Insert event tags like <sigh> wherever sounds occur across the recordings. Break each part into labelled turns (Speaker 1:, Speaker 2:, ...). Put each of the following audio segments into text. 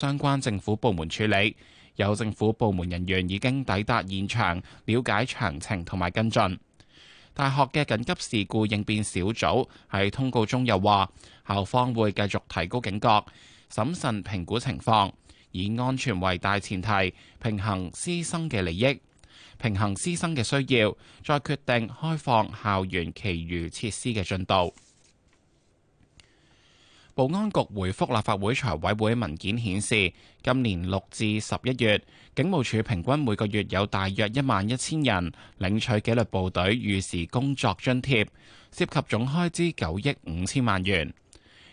Speaker 1: 相關政府部門處理，有政府部門人員已經抵達現場了解詳情同埋跟進。大學嘅緊急事故應變小組喺通告中又話，校方會繼續提高警覺，審慎評估情況，以安全為大前提，平衡師生嘅利益，平衡師生嘅需要，再決定開放校園其餘設施嘅進度。保安局回覆立法會財委會文件顯示，今年六至十一月，警務處平均每個月有大約一萬一千人領取紀律部隊逾時工作津貼，涉及總開支九億五千萬元。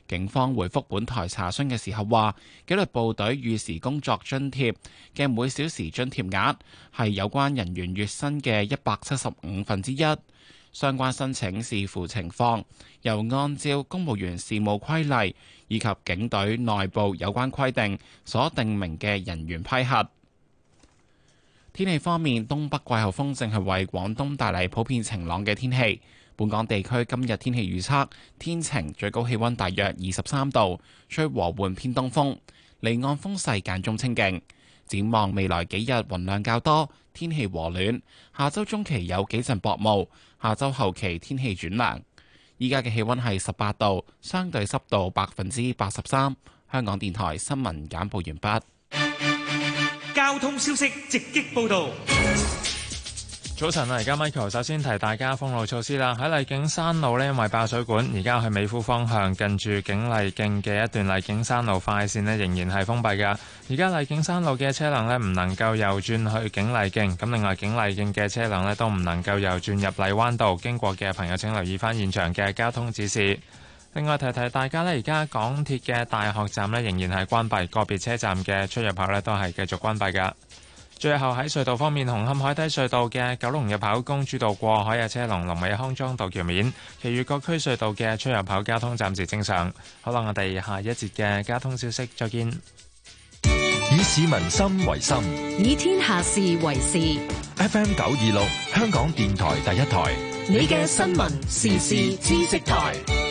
Speaker 1: 警方回覆本台查詢嘅時候話，紀律部隊逾時工作津貼嘅每小時津貼額係有關人員月薪嘅一百七十五分之一。相關申請視乎情況，由按照公務員事務規例以及警隊內部有關規定所定明嘅人員批核。天氣方面，東北季候風正係為廣東帶嚟普遍晴朗嘅天氣。本港地區今日天氣預測天晴，最高氣溫大約二十三度，吹和緩偏東風，離岸風勢間中清勁。展望未來幾日雲量較多，天氣和暖。下周中期有幾陣薄霧。下周後期天氣轉涼，依家嘅氣溫係十八度，相對濕度百分之八十三。香港電台新聞簡報
Speaker 2: 完畢。交通消息直擊報道。早晨啊！而家 Michael 首先提大家封路措施啦。喺荔景山路呢，因為爆水管，而家去美孚方向近住景荔徑嘅一段荔景山路快綫呢，仍然係封閉噶。而家荔景山路嘅車輛呢，唔能夠右轉去景荔徑。咁另外，景荔徑嘅車輛呢，都唔能夠右轉入荔灣道。經過嘅朋友，請留意翻現場嘅交通指示。另外提提大家呢，而家港鐵嘅大學站呢，仍然係關閉，個別車站嘅出入口呢，都係繼續關閉噶。最後喺隧道方面，紅磡海底隧道嘅九龍入口公主道過海嘅車龍，龍尾康莊道橋面，其餘各區隧道嘅出入口，交通暫時正常。好啦，我哋下一節嘅交通消息，再見。以市民心為心，嗯，以天下事為事。FM 九二
Speaker 3: 六，香港電台第一台，
Speaker 1: 你嘅新聞時事知識台。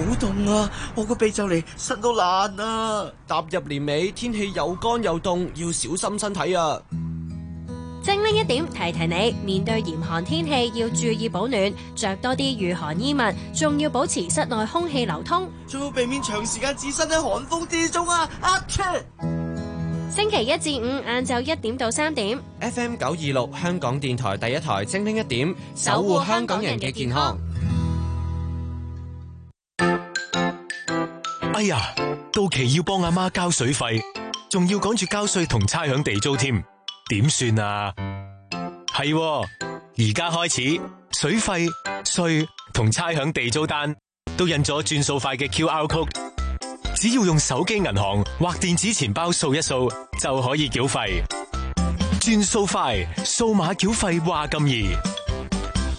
Speaker 3: 好凍啊！我個鼻就嚟塞到爛啦！踏入年尾，天氣又乾又凍，要小心身體啊！精靈一點提提你，面對嚴寒天氣
Speaker 2: 要注意保暖，着多啲御寒衣物，仲要保持室內空氣流通，仲要避
Speaker 4: 免長時間置身喺寒風
Speaker 2: 之中啊！阿、啊、s 星期一至五晏晝一點到三點
Speaker 3: ，FM 九二六，香港電台第一台，精靈一點，
Speaker 2: 守護香港
Speaker 3: 人嘅健康。哎呀，到期，要幫阿媽，媽交水費，仲要趕住交稅同差餉地租添，點算啊？係，而家開始水費、稅同差餉地租單都印咗轉數快嘅 QR Code，只要用手機銀行或電子錢包掃一掃就可以繳費。轉數快，數碼繳費話咁易。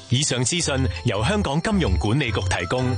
Speaker 3: 以上資訊由香港金融管理局提供。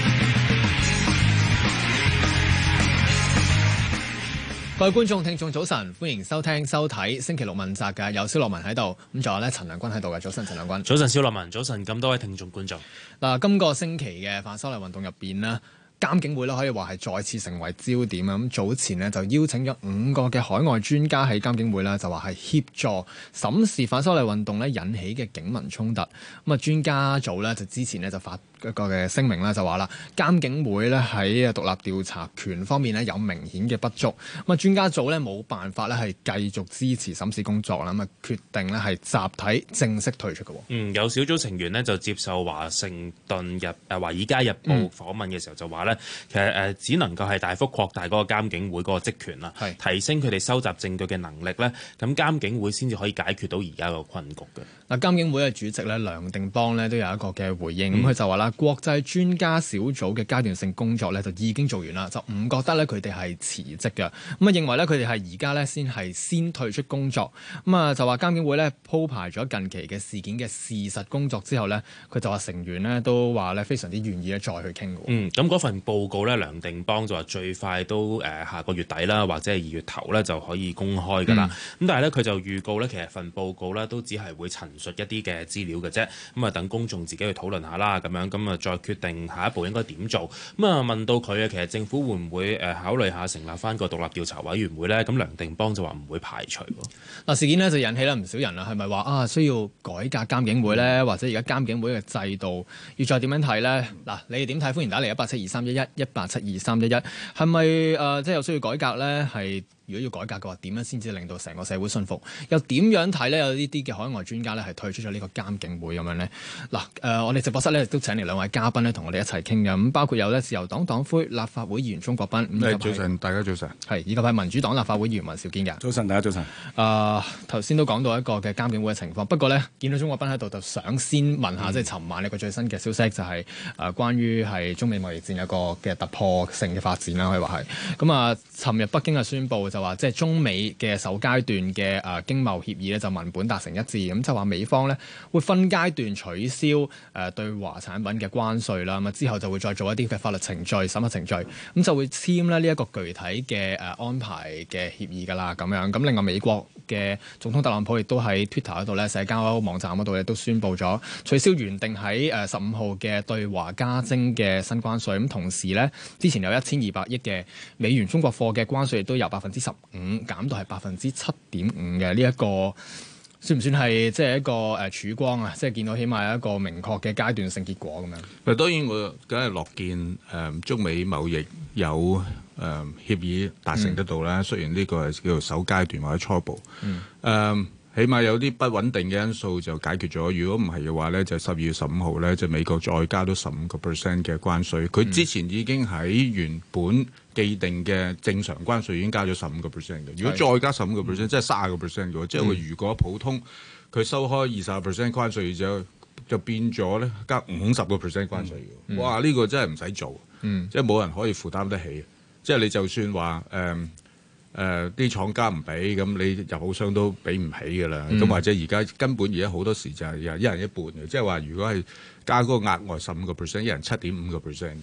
Speaker 3: 各位觀眾、聽眾，早晨，歡迎收聽、收睇星期六問責嘅有蕭洛汶喺度，咁，仲有咧陳亮均喺度嘅。早晨，陳亮均，早
Speaker 5: 晨，早晨蕭洛汶，早晨咁多位聽眾、觀眾
Speaker 3: 嗱，今個星期嘅反修例運動入邊咧，監警會咧可以話係再次成為焦點啊。咁早前咧就邀請咗五個嘅海外專家喺監警會咧，就話係協助審視反修例運動咧引起嘅警民衝突咁啊。專家組咧就之前咧就發一個嘅聲明咧就話啦，監警會咧喺獨立調查權方面呢，有明顯嘅不足，咁啊專家組呢，冇辦法呢，係繼續支持審視工作啦，咁啊決定呢，係集體正式退出嘅。
Speaker 5: 嗯，有小組成員呢，就接受華盛頓日誒華爾街日報訪問嘅時候就話呢，嗯、其實誒只能夠係大幅擴大嗰個監警會嗰個職權啊，是提升佢哋收集證據嘅能力呢。咁監警會先至可以解決到而家個困局嘅。
Speaker 3: 嗱監警會嘅主席呢，梁定邦呢，都有一個嘅回應，咁佢就話啦。國際專家小組嘅階段性工作呢，就已經做完啦，就唔覺得呢，佢哋係辭職嘅，咁啊認為呢，佢哋係而家呢，先係先退出工作，咁啊就話監警會呢鋪排咗近期嘅事件嘅事實工作之後呢，佢就話成員呢都話呢非常之願意呢再去傾㗎。嗯，
Speaker 5: 咁嗰份報告呢，梁定邦就話最快都誒下個月底啦，或者係二月頭呢就可以公開㗎啦。咁、嗯、但係呢，佢就預告呢，其實份報告呢都只係會陳述一啲嘅資料嘅啫，咁啊等公眾自己去討論下啦咁樣咁。咁啊，再決定下一步應該點做。咁啊，問到佢啊，其實政府會唔會誒考慮下成立翻個獨立調查委員會咧？咁梁定邦就話唔會排除。
Speaker 3: 嗱，事件呢就引起啦唔少人啊，係咪話啊需要改革監警會咧？或者而家監警會嘅制度要再點樣睇咧？嗱、嗯，你哋點睇？歡迎打嚟一八七二三一一一八七二三一一，係咪誒即係又需要改革咧？係。如果要改革嘅話，點樣先至令到成個社會信服？又點樣睇咧？有呢啲嘅海外專家咧，係退出咗呢個監警會咁樣呢？嗱，誒，我哋直播室咧亦都請嚟兩位嘉賓咧，同我哋一齊傾嘅咁，包括有咧自由黨黨魁立法會議員鍾國斌。早晨，大家早晨。係，以及係民主黨立法會議員尹兆堅嘅。早晨，大家早晨。啊、呃，頭先都講到一個嘅監警會嘅情況，不過呢，見到鍾國斌喺度，就想先問下，嗯、即係尋晚呢個最新嘅消息、就是，就係誒關於係中美貿易戰有個嘅突破性嘅發展啦，可以話係。咁、嗯、啊，尋、呃、日北京嘅宣布就。就話即係中美嘅首階段嘅誒經貿協議咧，就文本達成一致，咁就話美方呢會分階段取消誒對華產品嘅關稅啦，咁之後就會再做一啲嘅法律程序、審核程序，咁就會簽咧呢一個具體嘅誒安排嘅協議噶啦。咁樣，咁另外美國嘅總統特朗普亦都喺 Twitter 嗰度咧，社交網站嗰度咧都宣布咗取消原定喺誒十五號嘅對華加徵嘅新關稅，咁同時呢，之前有一千二百億嘅美元中國貨嘅關稅亦都有百分之十。五減到係百分之七點五嘅呢一個，算唔算係即係一個誒曙光啊？即係見到起碼有一個明確嘅階段性結果咁、
Speaker 4: 啊、樣。嗱，當然我梗係樂見誒、呃、中美貿易有誒、呃、協議達成得到啦。嗯、雖然呢個係叫做首階段或者初步，誒、嗯。呃起碼有啲不穩定嘅因素就解決咗。如果唔係嘅話咧，就十二月十五號咧，就美國再加多十五個 percent 嘅關稅。佢、嗯、之前已經喺原本既定嘅正常關稅已經加咗十五個 percent 嘅。如果再加十五個 percent，即係卅個 percent 嘅話，嗯、即係如果普通佢收開二十 percent 關稅，就就變咗咧加五十個 percent 關稅嘅。嗯嗯、哇！呢、呢個真係唔使做，嗯、即係冇人可以負擔得起即係、你就算話誒。嗯誒啲、呃、廠家唔俾咁，你入口商都俾唔起㗎啦。咁、嗯、或者而家根本而家好多時就係一人一半嘅，即係話如果係加個額外十五個 percent，一人七點五個 percent 嘅。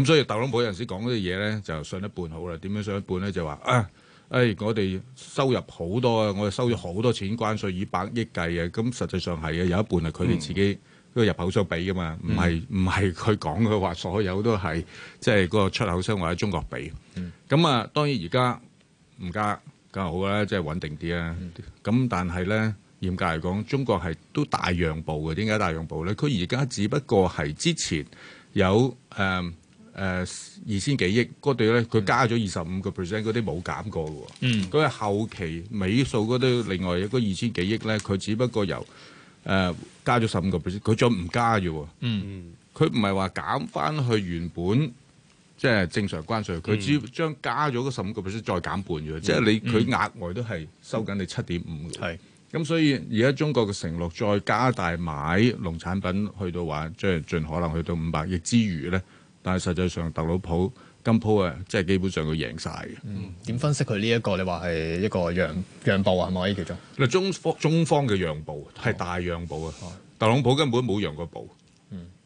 Speaker 4: 咁所以特朗普有陣時講嗰啲嘢咧，就上一半好啦。點樣上一半咧？就話啊，誒、哎、我哋收入好多啊，我哋收咗好多錢關稅以百億計啊。咁實際上係嘅，有一半係佢哋自己個入口商俾㗎嘛，唔係唔係佢講佢話所有都係即係嗰個出口商或者中國俾。咁啊、嗯嗯，當然而家。唔加梗係好啦，即係穩定啲啦。咁、嗯、但係咧，嚴格嚟講，中國係都大讓步嘅。點解大讓步咧？佢而家只不過係之前有誒誒、呃呃、二千幾億嗰度咧，佢、那個、加咗二十五個 percent 嗰啲冇減過嘅。嗯，佢係後期尾數嗰啲另外一個二千幾億咧，佢只不過由誒、呃、加咗十五個 percent，佢再唔加啫。嗯，佢唔係話減返去原本。即係正常關稅，佢只要將加咗嗰十五個 percent 再減半咗，嗯、即係你佢、嗯、額外都係收緊你七點五。係，咁是所以而家中國嘅承諾再加大買農產品，去到話即係、就是、盡可能去到五百億之餘咧，但係實際上特朗普、今鋪啊，即係基本上佢贏晒嘅。嗯，點、嗯、分析佢呢一個你話係一個讓讓步啊？係咪可以叫做？嗱，中方中方嘅讓步係大讓步啊！哦、特朗普根本冇讓過讓步。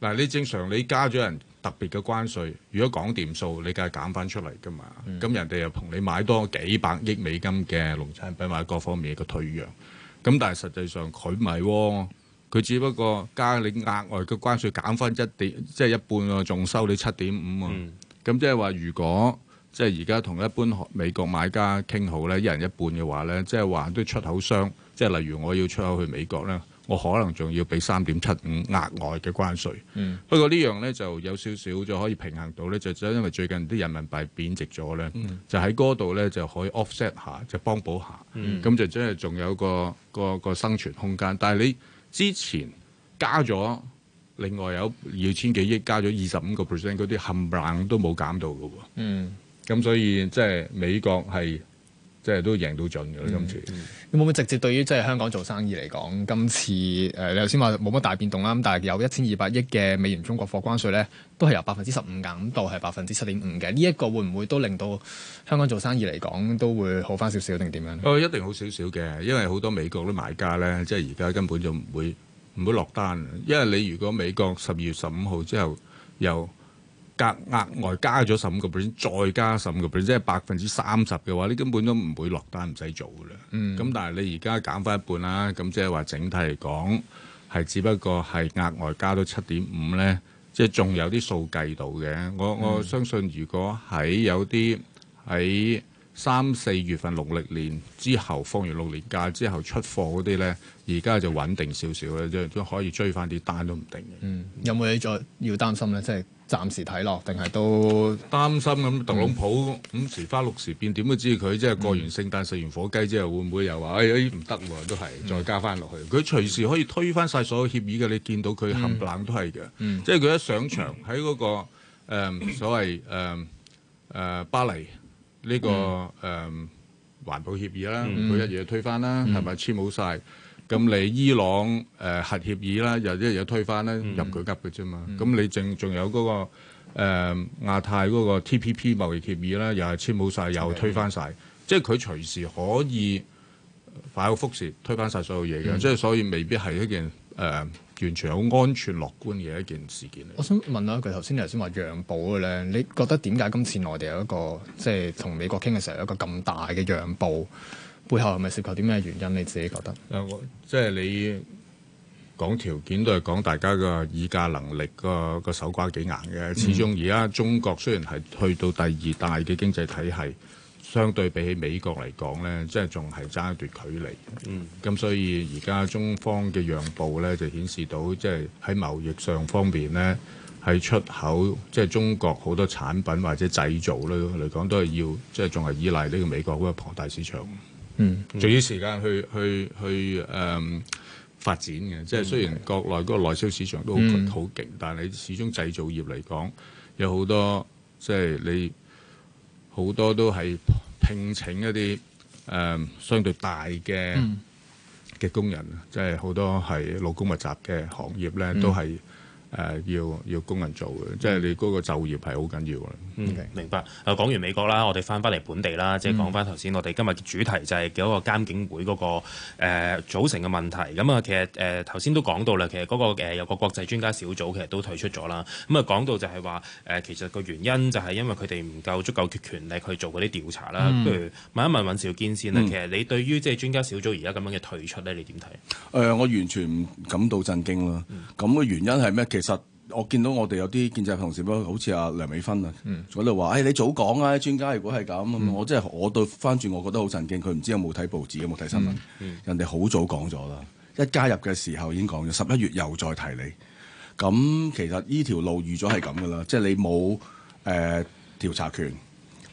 Speaker 4: 嗱你正常你加咗人，特別嘅關稅，如果講掂數，你梗係減翻出嚟噶嘛？咁、嗯、人哋又同你買多幾百億美金嘅農產品買各方面嘅退讓，咁但係實際上佢唔係喎，佢只不過加你額外嘅關稅減翻一點，即係一半喎，仲收你七點五喎。咁、嗯、即係話，如果即係而家同一般美國買家傾好咧，一人一半嘅話咧，即係話啲出口商，即係例如我要出口去美國咧。我可能仲要俾三點七五額外嘅關稅，嗯、不過樣呢樣咧就有少少就可以平衡到咧，就真因為最近啲人民幣貶值咗咧，嗯、就喺嗰度咧就可以 offset 下，就幫補下，咁、嗯、就真係仲有個個個生存空間。但係你之前加咗另外有二千幾億加咗二十五個 percent 嗰啲冚唪唥都冇減到㗎喎，咁、嗯、所以即係、
Speaker 3: 就是、美國係。即係都贏到盡嘅啦，嗯、今次。咁、嗯、會唔會直接對於即係香港做生意嚟講，今次誒、呃、你頭先話冇乜大變動啦，咁但係有一千二百億嘅美元中國貨關稅咧，都係由百分之十五減到係百分之七點五嘅。呢一個會唔會都令到香港做生意嚟講都會好翻少少定點,點
Speaker 4: 樣、哦？一定好少少嘅，因為好多美國啲買家咧，即係而家根本就唔會唔會落單。因為你如果美國十二月十五號之後又……額、嗯就是、額外加咗十五個 percent，再加十五個 percent，即係百分之三十嘅話，你根本都唔會落單，唔使做噶啦。咁但係你而家減翻一半啦，咁即係話整體嚟講係只不過係額外加到七點五咧，即係仲有啲數計到嘅。我、嗯、我相信，如果喺有啲喺三四月份農曆年之後放完六年假之後出貨嗰啲咧，而家就穩定少少咧，即係都可以追翻啲單都唔定
Speaker 3: 嘅。嗯，有冇嘢再要擔心咧？即係。暫時睇落，定係都擔心咁。特朗普五
Speaker 4: 時花六時變，點會知佢即係過完聖誕食完火雞之後，會唔會又話誒誒唔得喎？都係再加翻落去。佢、嗯、隨時可以推翻晒所有協議嘅。你見到佢冚冷都係嘅，嗯、即係佢一上場喺嗰、那個、呃、所謂誒誒、呃呃、巴黎呢、這個誒、呃、環保協議啦，佢、嗯嗯、一嘢推翻啦，係咪簽好晒？咁你伊朗誒、呃、核協議啦，又一日推翻咧，嗯、入佢噏嘅啫嘛。咁、嗯、你仲仲有嗰、那個誒、呃、亞太嗰個 TPP 貿易協議啦，又係簽好晒，又推翻晒，的即係佢隨時可以反覆推翻晒所有嘢嘅，嗯、即係所以未必係一件誒、呃、完全好安全樂觀嘅一件事
Speaker 3: 件。我想問啊，佢頭先你頭先話讓步嘅咧，你覺得點解今次內地有一個即係同美國傾嘅時候有一個咁大嘅讓步？背後係咪涉及啲咩原因？你自己覺得？
Speaker 4: 呃，即係你講條件都係講大家個議價能力個個手瓜幾硬嘅。始終而家中國雖然係去到第二大嘅經濟體系，相對比起美國嚟講呢，即係仲係差一段距離。嗯，咁所以而家中方嘅讓步呢，就顯示到即係喺貿易上方面呢，係出口即係中國好多產品或者製造呢，嚟講，都係要即係仲係依賴呢個美國嗰個龐大市場。嗯，隨住時間去、嗯、去去誒、uh, 發展嘅，嗯、即係雖然國內嗰個內銷市場都好好勁，但係你始終製造業嚟講有好多即係你好多都係聘請一啲誒、uh, 相對大嘅嘅、嗯、工人，即係好多係勞工密集嘅行業咧，嗯、都係。誒要要工人做嘅，嗯、即係你嗰個就業係好緊要嘅。Okay?
Speaker 5: 明白。誒講完美國啦，我哋翻翻嚟本地啦，即、就、係、是、講翻頭先，我哋今日嘅主題就係嗰個監警會嗰、那個誒、呃、組成嘅問題。咁、嗯、啊，其實誒頭先都講到啦，其實嗰、那個、呃、有個國際專家小組其實都退出咗啦。咁、嗯、啊，講到就係話誒，其實個原因就係因為佢哋唔夠足夠權力去做嗰啲調查啦。嗯、不如問一問尹兆堅先啦。嗯、其實你對於即係專家小組而家咁樣嘅退出咧，你點睇？
Speaker 6: 誒、呃，我完全唔感到震驚咯。咁嘅、嗯、原因係咩？其實我見到我哋有啲建制同事，不過好似阿梁美芬啊，在度話，誒、哎，你早講啊！專家如果係咁、嗯，我即係我對翻轉，我覺得好震驚。佢唔知有冇睇報紙，有冇睇新聞？嗯嗯、人哋好早講咗啦，一加入嘅時候已經講咗，十一月又再提你。咁其實呢條路預咗係咁噶啦，即係你冇誒調查權。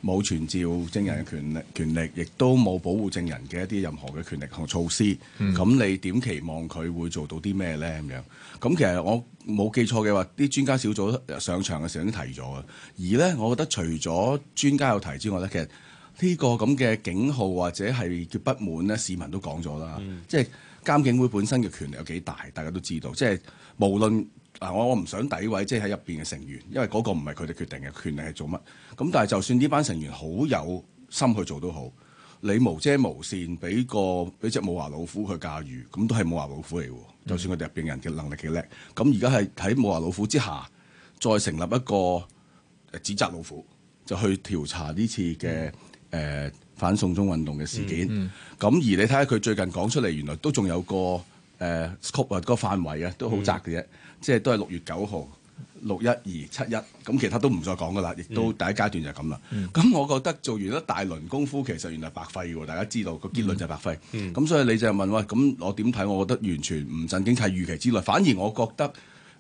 Speaker 6: 冇傳召證人嘅權力，權力亦都冇保護證人嘅一啲任何嘅權力同措施。咁、嗯、你點期望佢會做到啲咩呢？咁樣咁其實我冇記錯嘅話，啲專家小組上場嘅時候都提咗嘅。而呢，我覺得除咗專家有提之外呢，其實呢個咁嘅警號或者係叫不滿呢，市民都講咗啦。嗯、即係監警會本身嘅權力有幾大，大家都知道。即係無論。嗱，我我唔想詆毀即係喺入邊嘅成員，因為嗰個唔係佢哋決定嘅權利係做乜。咁但係就算呢班成員好有心去做都好，你無遮無線俾個俾隻冇牙老虎去駕馭，咁都係冇牙老虎嚟喎。就算佢哋入邊人嘅能力幾叻，咁而家係喺冇牙老虎之下，再成立一個誒指責老虎，就去調查呢次嘅誒、嗯呃、反送中運動嘅事件。咁、嗯嗯、而你睇下佢最近講出嚟，原來都仲有個。誒、uh, Scope 啊，個範圍、mm. 啊都好窄嘅啫，即係都係六月九號、六一二、七一，咁其他都唔再講噶啦，亦都第一階段就係咁啦。咁、mm. 我覺得做完一大輪功夫，其實原來白費嘅，大家知道個結論就係白費。咁、mm. 所以你就問喂，咁我點睇？我覺得完全唔震驚，係預期之內，反而我覺得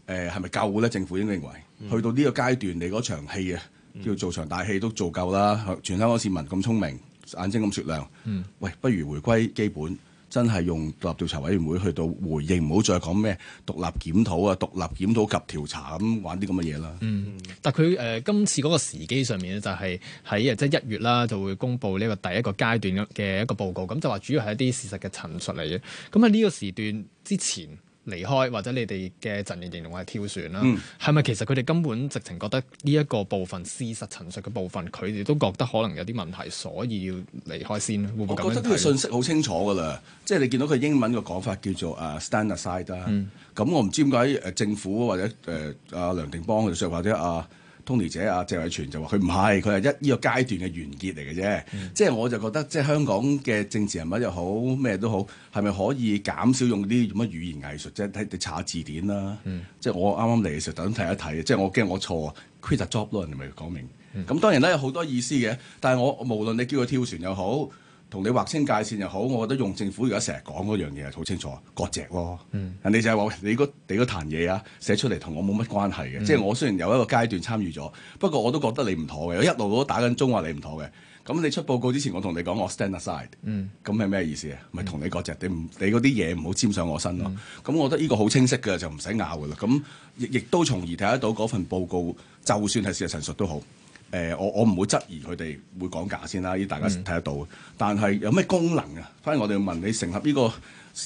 Speaker 6: 誒係咪夠呢？政府已經認為去到呢個階段，你嗰場戲啊，叫做場大戲都做夠啦。全香港市民咁聰明，眼睛咁雪亮，mm. 喂，不如回歸基本。真係用獨立調查委員會去到回應，唔好再講咩獨立檢討啊、獨立檢討及調查咁
Speaker 3: 玩啲咁嘅嘢啦。嗯，但係佢誒今次嗰個時機上面咧，就係喺即係一月啦，就會公布呢個第一個階段嘅一個報告，咁就話主要係一啲事實嘅陳述嚟嘅。咁喺呢個時段之前，離開或者你哋嘅陣營形容係跳船啦，係咪、嗯、其實佢哋根本直情覺得呢一個部分事實陳述嘅部分，佢哋都覺得可能有啲問題，所以要離開先。會唔會我覺得呢個信息
Speaker 6: 好清楚㗎啦，即係你見到佢英文嘅講法叫做啊、uh, stand aside、嗯。咁我唔知點解誒政府或者誒阿、uh, 梁定邦佢哋説話啫啊。Uh, Tony 姐阿謝偉銓就話佢唔係，佢係一呢個階段嘅完結嚟嘅啫。嗯、即係我就覺得，即係香港嘅政治人物又好，咩都好，係咪可以減少用啲咁嘅語言藝術啫？睇你查下字典啦、啊。嗯、即係我啱啱嚟嘅時候，特登睇一睇。即係我驚我錯，quit a job 咯，人哋咪講明。咁、嗯、當然咧，有好多意思嘅。但係我無論你叫佢跳船又好。同你劃清界線又好，我覺得用政府而家成日講嗰樣嘢好清楚，割席咯。嗯，人哋就係話你嗰你嗰壇嘢啊，寫出嚟同我冇乜關係嘅。嗯、即係我雖然有一個階段參與咗，不過我都覺得你唔妥嘅。我一路都打緊鐘話你唔妥嘅。咁你出報告之前，我同你講我 stand aside。嗯，咁係咩意思啊？咪同你割席，你唔你嗰啲嘢唔好沾上我身咯。咁、嗯嗯、我覺得呢個好清晰嘅，就唔使拗嘅啦。咁亦亦都從而睇得到嗰份報告，就算係事實陳述都好。誒、呃，我我唔會質疑佢哋會講假先啦，呢啲大家睇得到。嗯、但係有咩功能啊？反而我哋問你成立呢個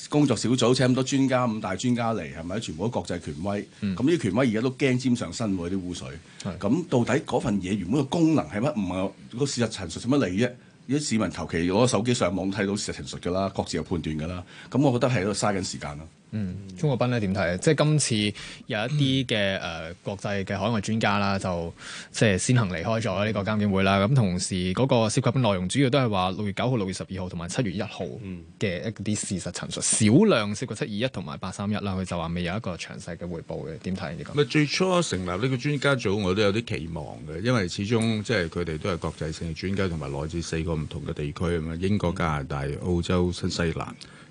Speaker 6: 工作小組，請咁多專家咁大專家嚟係咪？全部都國際權威咁，啲、嗯嗯、權威而家都驚沾上身喎啲污水。咁是到底嗰份嘢原本個功能係乜？唔、那、係個事實陳述做乜嚟啫？如果市民求其攞手機上網睇到事實陳述㗎啦，各自有判斷㗎啦。咁我覺得係
Speaker 3: 喺度嘥緊時間啦。嗯，鍾國斌咧點睇咧？即係今次有一啲嘅誒國際嘅海外專家啦，就即係先行離開咗呢個監警會啦。咁同時嗰個涉及嘅內容主要都係話六月九號、六月十二號同埋七月一號嘅一啲事實陳述，少、嗯、量涉及七二一同埋八三一啦。佢就話未有一個詳細嘅彙報嘅，點睇呢？咁，
Speaker 4: 最初成立呢個專家組，我都有啲期望嘅，因為始終即係佢哋都係國際性嘅專家，同埋來自四個唔同嘅地區啊嘛，英國、加拿大、澳洲、新西蘭。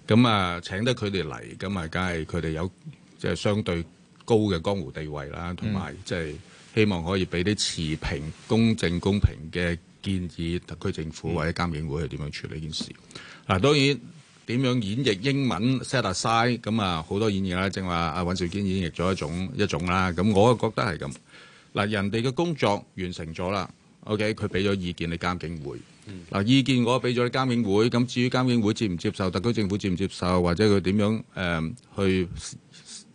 Speaker 4: 咁啊，請得佢哋嚟，咁啊，梗係佢哋有即係相對高嘅江湖地位啦，同埋即係希望可以俾啲持平、公正、公平嘅建議特區政府或者監警會去點樣處理件事。嗱、嗯，當然點樣演繹英文 set aside，咁啊好多演繹啦，正話阿尹兆堅演繹咗一種一種啦。咁我覺得係咁。嗱，人哋嘅工作完成咗啦，OK，佢俾咗意見，你監警會。嗱，意見我俾咗啲監警會咁。至於監警會接唔接受，特區政府接唔接受，或者佢點樣誒、呃、去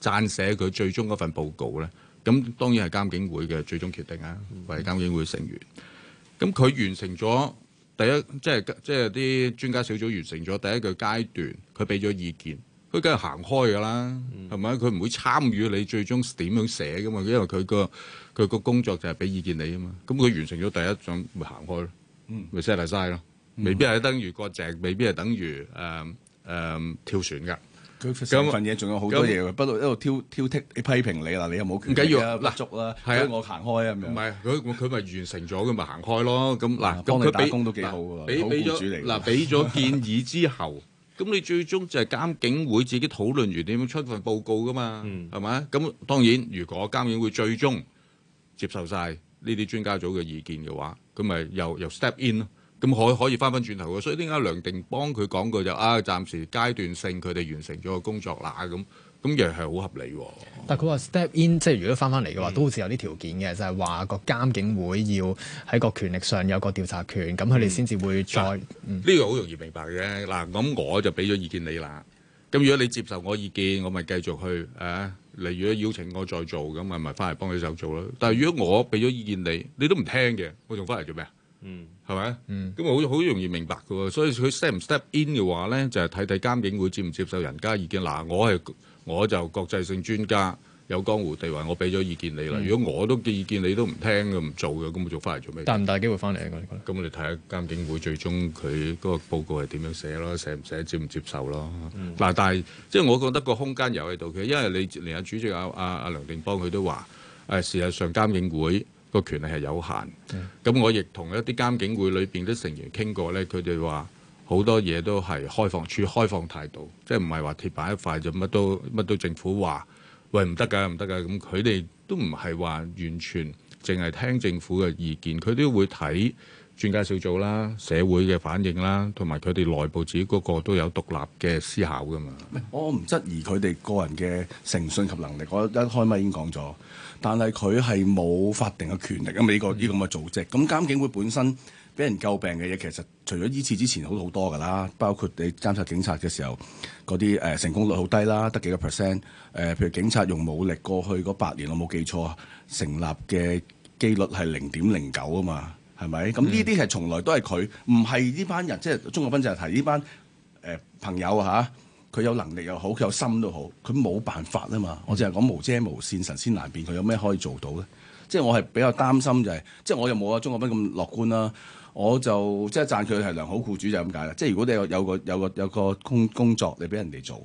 Speaker 4: 撰寫佢最終嗰份報告咧？咁當然係監警會嘅最終決定啊，為監警會成員。咁佢完成咗第一，即係即係啲專家小組完成咗第一個階段，佢俾咗意見，佢梗係行開噶啦，係咪、嗯？佢唔會參與你最終點樣寫噶嘛，因為佢個佢個工作就係俾意見你啊嘛。咁佢完成咗第一種咪行開咯。嗯，咪 set 晒咯，未必係等於割席，未必係等於誒誒跳船噶。
Speaker 6: 佢份嘢仲有好多嘢，不斷一路挑挑剔批評你啦，你又冇唔緊要，不足
Speaker 4: 啦，跟住我行開咁樣。唔係，佢佢咪完成咗，佢咪行
Speaker 6: 開咯。咁
Speaker 4: 嗱，幫你打工都幾好噶，好雇主嚟。嗱，俾咗建議之後，咁你最終就係監警會自己討論完點樣出份報告噶嘛，係咪？咁當然，如果監警會最終接受晒呢啲專家組嘅意見嘅話，咁咪又又 step in 咯，咁可可以翻翻轉頭，所以點解梁定邦佢講句就啊，暫時階段性佢哋完成咗個工作啦咁，咁亦係好合理喎。
Speaker 3: 但係佢話 step in 即係如果翻翻嚟嘅話，嗯、都好似有啲條件嘅，就係話個監警會要喺個權力上有個調查權，咁佢哋先至會再
Speaker 4: 呢、嗯、個好容易明白嘅。嗱、啊，咁我就俾咗意見你啦。咁如果你接受我意見，我咪繼續去啊。例如果，邀請我再做咁，咪咪翻嚟幫你手做咯。但係如果我俾咗意見你，你都唔聽嘅，我仲翻嚟做咩啊？嗯，係咪啊？嗯，咁我好好容易明白嘅喎。所以佢 step 唔 step in 嘅話咧，就係睇睇監警會接唔接受人家意見。嗱，我係我就國際性專家。有江湖地位，我俾咗意見你啦。嗯、如果我都嘅意見，你都唔聽，唔做嘅，咁我做翻嚟做咩？大唔大機會翻嚟？咁你睇下監警會最終佢嗰個報告係點樣寫咯。寫唔寫，接唔接受咯？嗱、嗯，但係即係我覺得個空間有喺度。佢因為你連阿主席阿阿阿梁定邦佢都話誒、啊，事實上監警會個權力係有限。咁、嗯、我亦同一啲監警會裏邊啲成員傾過咧，佢哋話好多嘢都係開放處開放態度，即係唔係話鐵板一塊就乜都乜都，都政府話。喂，唔得㗎，唔得㗎，咁佢哋都唔係話完全淨係聽政府嘅意見，佢都會睇專家小組啦、社會嘅反應啦，同埋佢哋內部自己嗰個都有獨立嘅思考㗎嘛。
Speaker 6: 我唔質疑佢哋個人嘅誠信及能力，我一開咪已經講咗，但係佢係冇法定嘅權力啊！美國呢咁嘅組織，咁監警會本身。俾人詬病嘅嘢，其實除咗呢次之前好好多噶啦，包括你監察警察嘅時候，嗰啲誒成功率好低啦，得幾個 percent。誒、呃，譬如警察用武力過去嗰八年，我冇記錯，成立嘅機率係零點零九啊嘛，係咪？咁呢啲係從來都係佢唔係呢班人，即、就、係、是、鍾國斌就係提呢班誒朋友嚇，佢、啊、有能力又好，佢有心都好，佢冇辦法啊嘛。嗯、我淨係講無遮無線，神仙難辨。佢有咩可以做到咧？即、就、係、是、我係比較擔心就係、是，即、就、係、是、我又冇阿鍾國斌咁樂觀啦、啊。我就即係讚佢係良好僱主就咁解啦。即係如果你有個有個有個有個工工作你俾人哋做，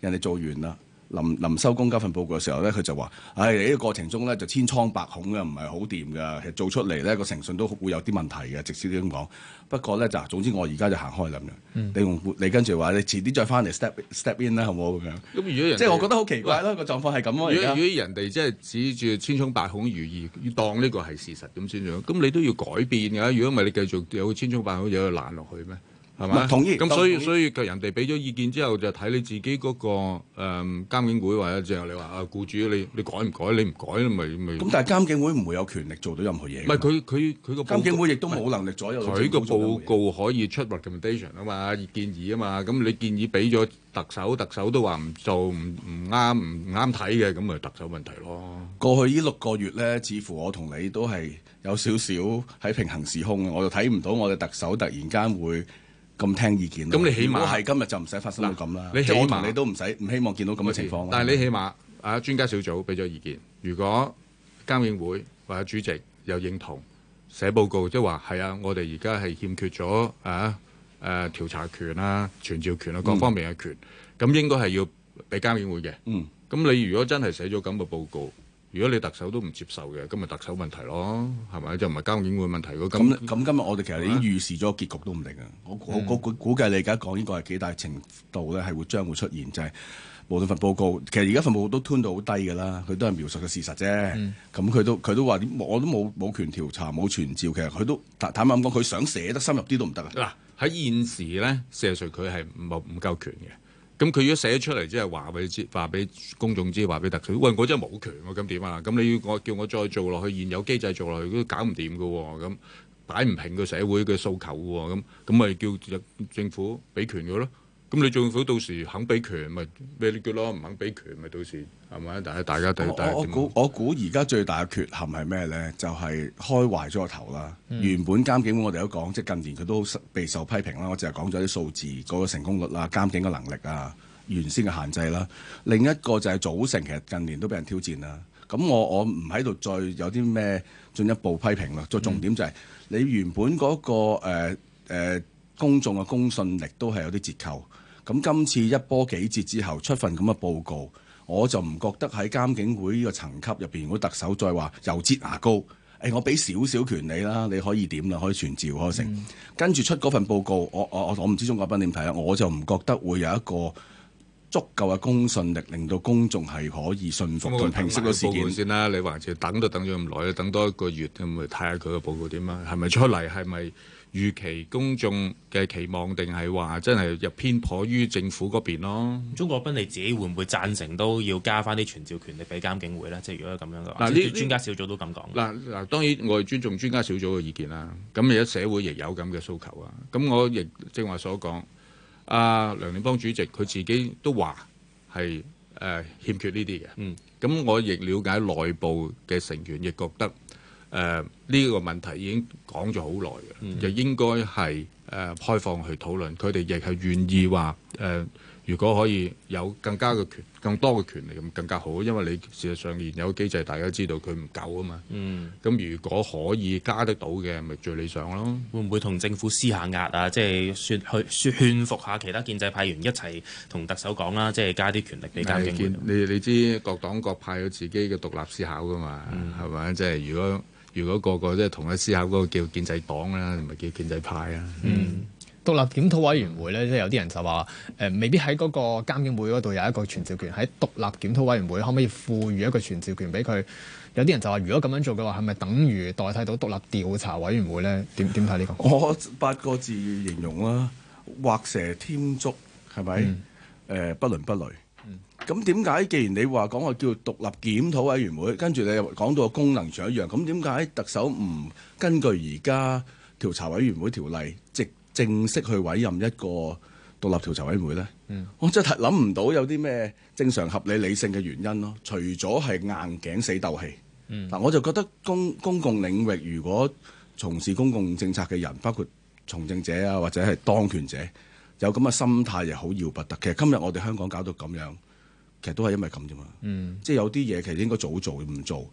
Speaker 6: 人哋做完啦。臨臨收工交份報告嘅時候咧，佢就話，唉、哎，喺呢個過程中咧就千瘡百孔嘅，唔係好掂㗎。其實做出嚟咧，個誠信都會有啲問題嘅，直接咁講。不過咧就，總之我而家就行開啦咁樣。你你跟住話，你遲啲再翻嚟 step step in 啦，好唔好咁樣？咁如果人哋即係我覺得好奇怪咯，嗯、個狀況係咁，啊、如，如果
Speaker 4: 人哋即係指住千瘡百孔語意，要當呢個係事實咁先樣，咁，嗯、你都要改變㗎。如果唔係你繼續有千瘡百孔，有個爛落去咩？係咪？同意咁意，所以所以人哋俾咗意見之後，就睇你自己嗰、那個誒、嗯、監警會或者就你話啊，僱主你你改唔改？你唔改咪咪咁？但
Speaker 6: 係監警會唔會有權力做到任何嘢？唔係佢佢佢個監警會亦都冇能力左右佢不個報
Speaker 4: 告可以出 recommendation 啊嘛，建議啊嘛。咁、嗯、你建議俾咗特首，特首
Speaker 6: 都話唔做，唔唔啱，唔啱睇嘅咁咪特首問題咯。過去呢六個月咧，似乎我同你都係有少少喺平行時空啊，我就睇唔到我哋特首突然間會。咁聽意見，咁你起碼冇係今日就唔使發生咁啦。你起碼你都唔使唔希望見到咁嘅情況。但係你起碼啊，專家小組俾咗意見，如果
Speaker 4: 監警會或者主席有認同寫報告，即係話係啊，我哋而家係欠缺咗啊誒、啊、調查權啊、傳召權啊各方面嘅權，咁、嗯、應該係要俾監警會嘅。嗯，咁你如果真係寫咗咁個報告。如果你特首都唔接
Speaker 6: 受嘅，今日特首問題咯，係咪？就唔係監警會問題。咁咁，今日我哋其實已經預示咗結局都唔定啊、嗯！我估估計你而家講呢個係幾大程度咧，係會將會出現就係、是、無論份報告，其實而家份報告都 tune 到好低噶啦，佢都係描述嘅事實啫。咁佢、嗯、都佢都話，我都冇冇權調查，冇傳召。其實佢都坦白咁講，佢想寫得深入啲都唔得啊！
Speaker 4: 嗱，喺現時咧，事實上佢係冇唔夠權嘅。咁佢如果寫出嚟，即係話俾知，話俾公眾知，話俾特區喂，我真係冇權喎，咁點啊？咁、啊、你要我叫我再做落去，現有機制做落去都搞唔掂噶喎，咁擺唔平個社會嘅訴求喎、哦，咁咁咪叫政府俾權佢咯？咁你政府到時肯俾權咪咩啲叫咯？唔肯俾權咪到時係咪？但係大家對我家家我估
Speaker 6: 我估而家最大嘅缺陷係咩咧？就係、是、開壞咗個頭啦。嗯、原本監警會我哋都講，即係近年佢都備受批評啦。我淨係講咗啲數字，嗰個成功率啦、監警嘅能力啊、原先嘅限制啦。另一個就係組成，其實近年都俾人挑戰啦。咁我我唔喺度再有啲咩進一步批評啦。最重點就係、是、你原本嗰、嗰個誒、呃呃、公眾嘅公信力都係有啲折扣。咁今次一波幾折之後出份咁嘅報告，我就唔覺得喺監警會呢個層級入邊，如果特首再話又擠牙膏，誒、欸、我俾少少權利啦，你可以點啦，可以傳召，可以成。跟住、嗯、出嗰份報告，我我我唔知鍾國斌點睇啊，我就唔覺得會有一個足夠嘅公信力，令到公眾係可以信服嘅。平息個事件
Speaker 4: 先啦，你或者等都等咗咁耐，等多一個月咁嚟睇下佢個報告點啊，係咪出嚟係咪？是預期
Speaker 5: 公眾嘅期望，定係話真係入偏頗於政府嗰邊咯？鍾國斌你自己會唔會贊成都要加翻啲傳召權力俾監警會呢？即係如果咁樣嘅，話呢喇專家小組都咁講。嗱
Speaker 4: 嗱，當然我係尊重專家小組嘅意見啦。咁而家社會亦有咁嘅訴求啊。咁我亦正話所講，阿梁定邦主席佢自己都話係誒欠缺呢啲嘅。嗯。咁我亦了解內部嘅成員亦覺得。誒呢、呃這個問題已經講咗好耐嘅，就應該係誒、呃、開放去討論。佢哋亦係願意話誒、呃呃，如果可以有更加嘅權、更多嘅權力咁更加好。因為你事實上現有機制，大家知道佢唔夠
Speaker 5: 啊嘛。嗯。咁如果可以加得到嘅，咪最理想咯。會唔會同政府施下壓啊？即係説去勸服下其他建制派員一齊同特首講啦、啊，即、就、係、是、加啲權力俾監警會，你你，你知各黨各派有自己嘅獨立思考㗎嘛？
Speaker 4: 係
Speaker 3: 咪、嗯？即係如果。如果個個都係同一思考嗰個叫建制黨啦，唔係叫建制派啊，嗯，獨立檢討委員會咧，即係有啲人就話誒、呃，未必喺嗰個監警會嗰度有一個傳召權，喺獨立檢討委員會可唔可以賦予一個傳召權俾佢？有啲人就話，如果咁樣做嘅話，係咪等於代替到獨立調查委員會咧？點點睇呢個？我八
Speaker 6: 個字形容啦，畫蛇添足，係咪誒不倫不類？咁點解？既然你話講個叫獨立檢討委員會，跟住你又講到個功能上一樣，咁點解特首唔根據而家調查委員會條例，即正式去委任一個獨立調查委員會呢？嗯、我真係諗唔到有啲咩正常、合理、理性嘅原因咯。除咗係硬頸死鬥氣，嗱、嗯啊，我就覺得公公共領域如果從事公共政策嘅人，包括從政者啊，或者係當權者，有咁嘅心態又好要不得。其實今日我哋香港搞到咁樣。其實都係因為咁啫嘛，嗯、即係有啲嘢其實應該早做唔做，做。誒、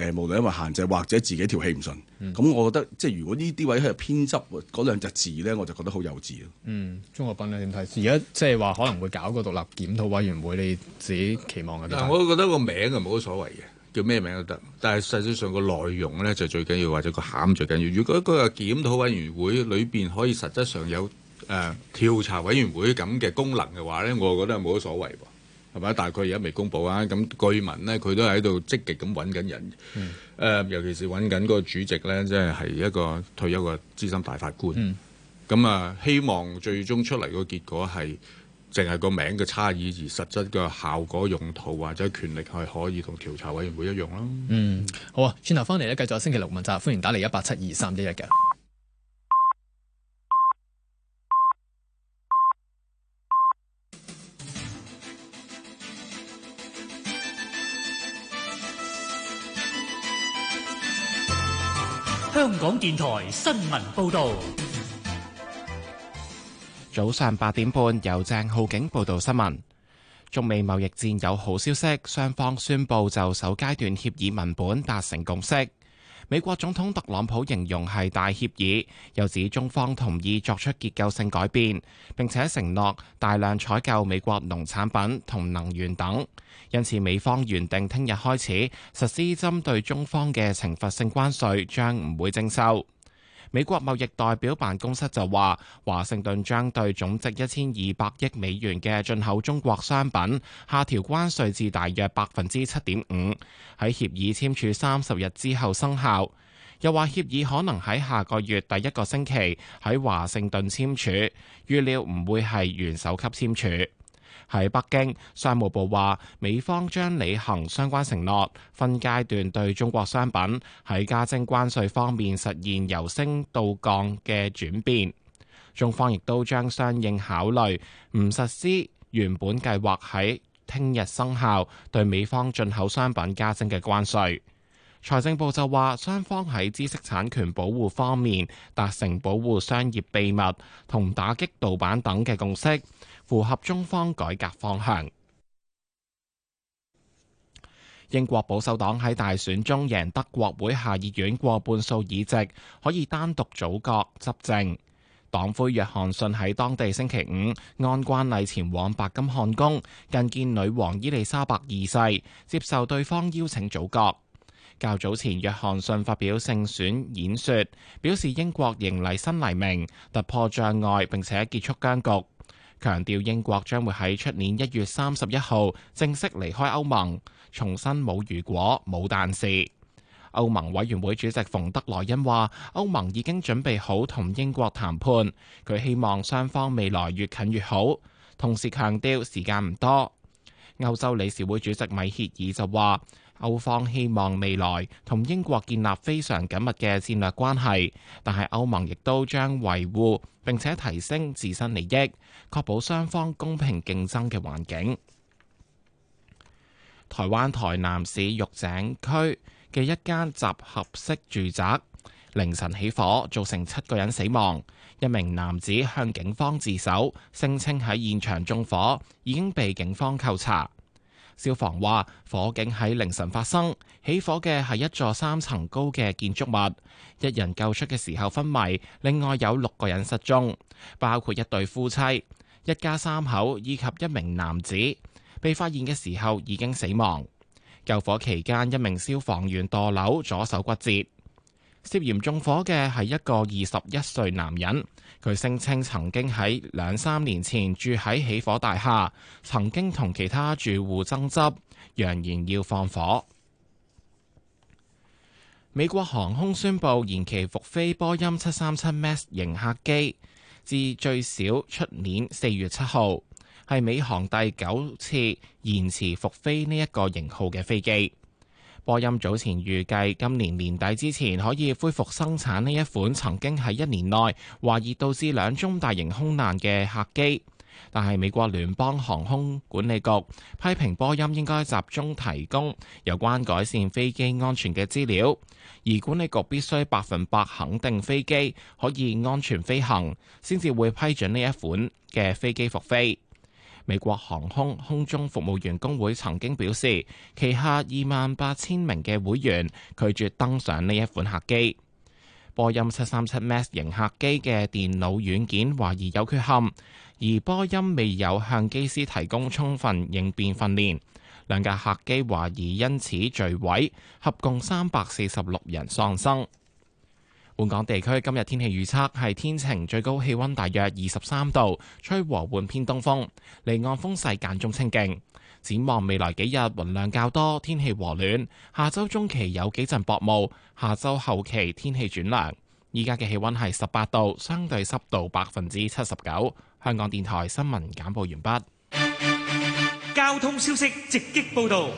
Speaker 6: 呃，無論因為限制或者自己條氣唔順，咁、嗯、我覺得即係如果呢啲位係編輯嗰兩隻字
Speaker 3: 咧，我就覺得好幼稚咯。嗯，鍾國斌咧點睇？而家即係話可能會搞個獨立檢討委員會，你自己期望嘅？但，我
Speaker 4: 覺得個名就冇乜所謂嘅，叫咩名都得。但係實際上個內容咧就最緊要，或者個餡最緊要。如果個檢討委員會裏邊可以實質上有誒、呃、調查委員會咁嘅功能嘅話咧，我覺得冇乜所謂。係嘛？大概而家未公布啊。咁據聞呢，佢都喺度積極咁揾緊人。誒、嗯呃，尤其是揾緊嗰個主席呢，即係係一個退休嘅資深大法官。咁啊、嗯嗯，希望最終出嚟個結果係，淨係個名嘅差異，而實質嘅效果用途或者權力係可以同調查委員會一樣咯。嗯，
Speaker 3: 好啊，轉頭翻嚟咧，繼續星期六問責，歡迎打嚟一八七二三一一嘅。
Speaker 2: 香港電台新聞報道，
Speaker 1: 早上八點半由鄭浩景報道新聞。中美貿易戰有好消息，雙方宣布就首階段協議文本達成共識。美國總統特朗普形容係大協議，又指中方同意作出結構性改變，並且承諾大量採購美國農產品同能源等，因此美方原定聽日開始實施針對中方嘅懲罰性關稅，將唔會徵收。美國貿易代表辦公室就話，華盛頓將對總值一千二百億美元嘅進口中國商品下調關稅至大約百分之七點五，喺協議簽署三十日之後生效。又話協議可能喺下個月第一個星期喺華盛頓簽署，預料唔會係元首級簽署。喺北京，商務部話美方將履行相關承諾，分階段對中國商品喺加徵關稅方面實現由升到降嘅轉變。中方亦都將相應考慮唔實施原本計劃喺聽日生效對美方進口商品加徵嘅關稅。財政部就話雙方喺知識產權保護方面達成保護商業秘密同打擊盜版等嘅共識。符合中方改革方向。英國保守黨喺大選中贏得國會下議院過半數議席，可以單獨組閣執政。黨魁約翰遜喺當地星期五按慣例前往白金漢宮覲見女王伊麗莎白二世，接受對方邀請組閣。較早前，約翰遜發表勝選演說，表示英國迎嚟新黎明，突破障礙，並且結束僵局。強調英國將會喺出年一月三十一號正式離開歐盟，重申冇如果，冇但是。歐盟委員會主席馮德萊恩話：歐盟已經準備好同英國談判，佢希望雙方未來越近越好，同時強調時間唔多。歐洲理事會主席米歇爾就話。歐方希望未來同英國建立非常緊密嘅戰略關係，但係歐盟亦都將維護並且提升自身利益，確保雙方公平競爭嘅環境。台灣台南市玉井區嘅一間集合式住宅凌晨起火，造成七個人死亡。一名男子向警方自首，聲稱喺現場縱火，已經被警方扣查。消防話，火警喺凌晨發生，起火嘅係一座三層高嘅建築物。一人救出嘅時候昏迷，另外有六個人失蹤，包括一對夫妻，一家三口以及一名男子。被發現嘅時候已經死亡。救火期間，一名消防員墮樓，左手骨折。涉嫌縱火嘅係一個二十一歲男人。佢聲稱曾經喺兩三年前住喺起火大廈，曾經同其他住戶爭執，揚言要放火。美國航空宣布延期復飛波音七三七 Max 型客機，至最少出年四月七號，係美航第九次延遲復飛呢一個型號嘅飛機。波音早前預計今年年底之前可以恢復生產呢一款曾經喺一年內懷疑導致兩宗大型空難嘅客機，但係美國聯邦航空管理局批評波音應該集中提供有關改善飛機安全嘅資料，而管理局必須百分百肯定飛機可以安全飛行，先至會批准呢一款嘅飛機復飛。美國航空空中服務員工會曾經表示，旗下二萬八千名嘅會員拒絕登上呢一款客機。波音七三七 MAX 型客機嘅電腦軟件懷疑有缺陷，而波音未有向機師提供充分應變訓練。兩架客機懷疑因此墜毀，合共三百四十六人喪生。本港地區今日天氣預測係天晴，最高氣溫大約二十三度，吹和緩偏東風，離岸風勢間中清勁。展望未來幾日，雲量較多，天氣和暖。下周中期有幾陣薄霧，下周後期天氣轉涼。依家嘅氣溫係十八度，相對濕度百分之七十九。香港電台新聞簡報完畢。
Speaker 2: 交通消息直擊報道。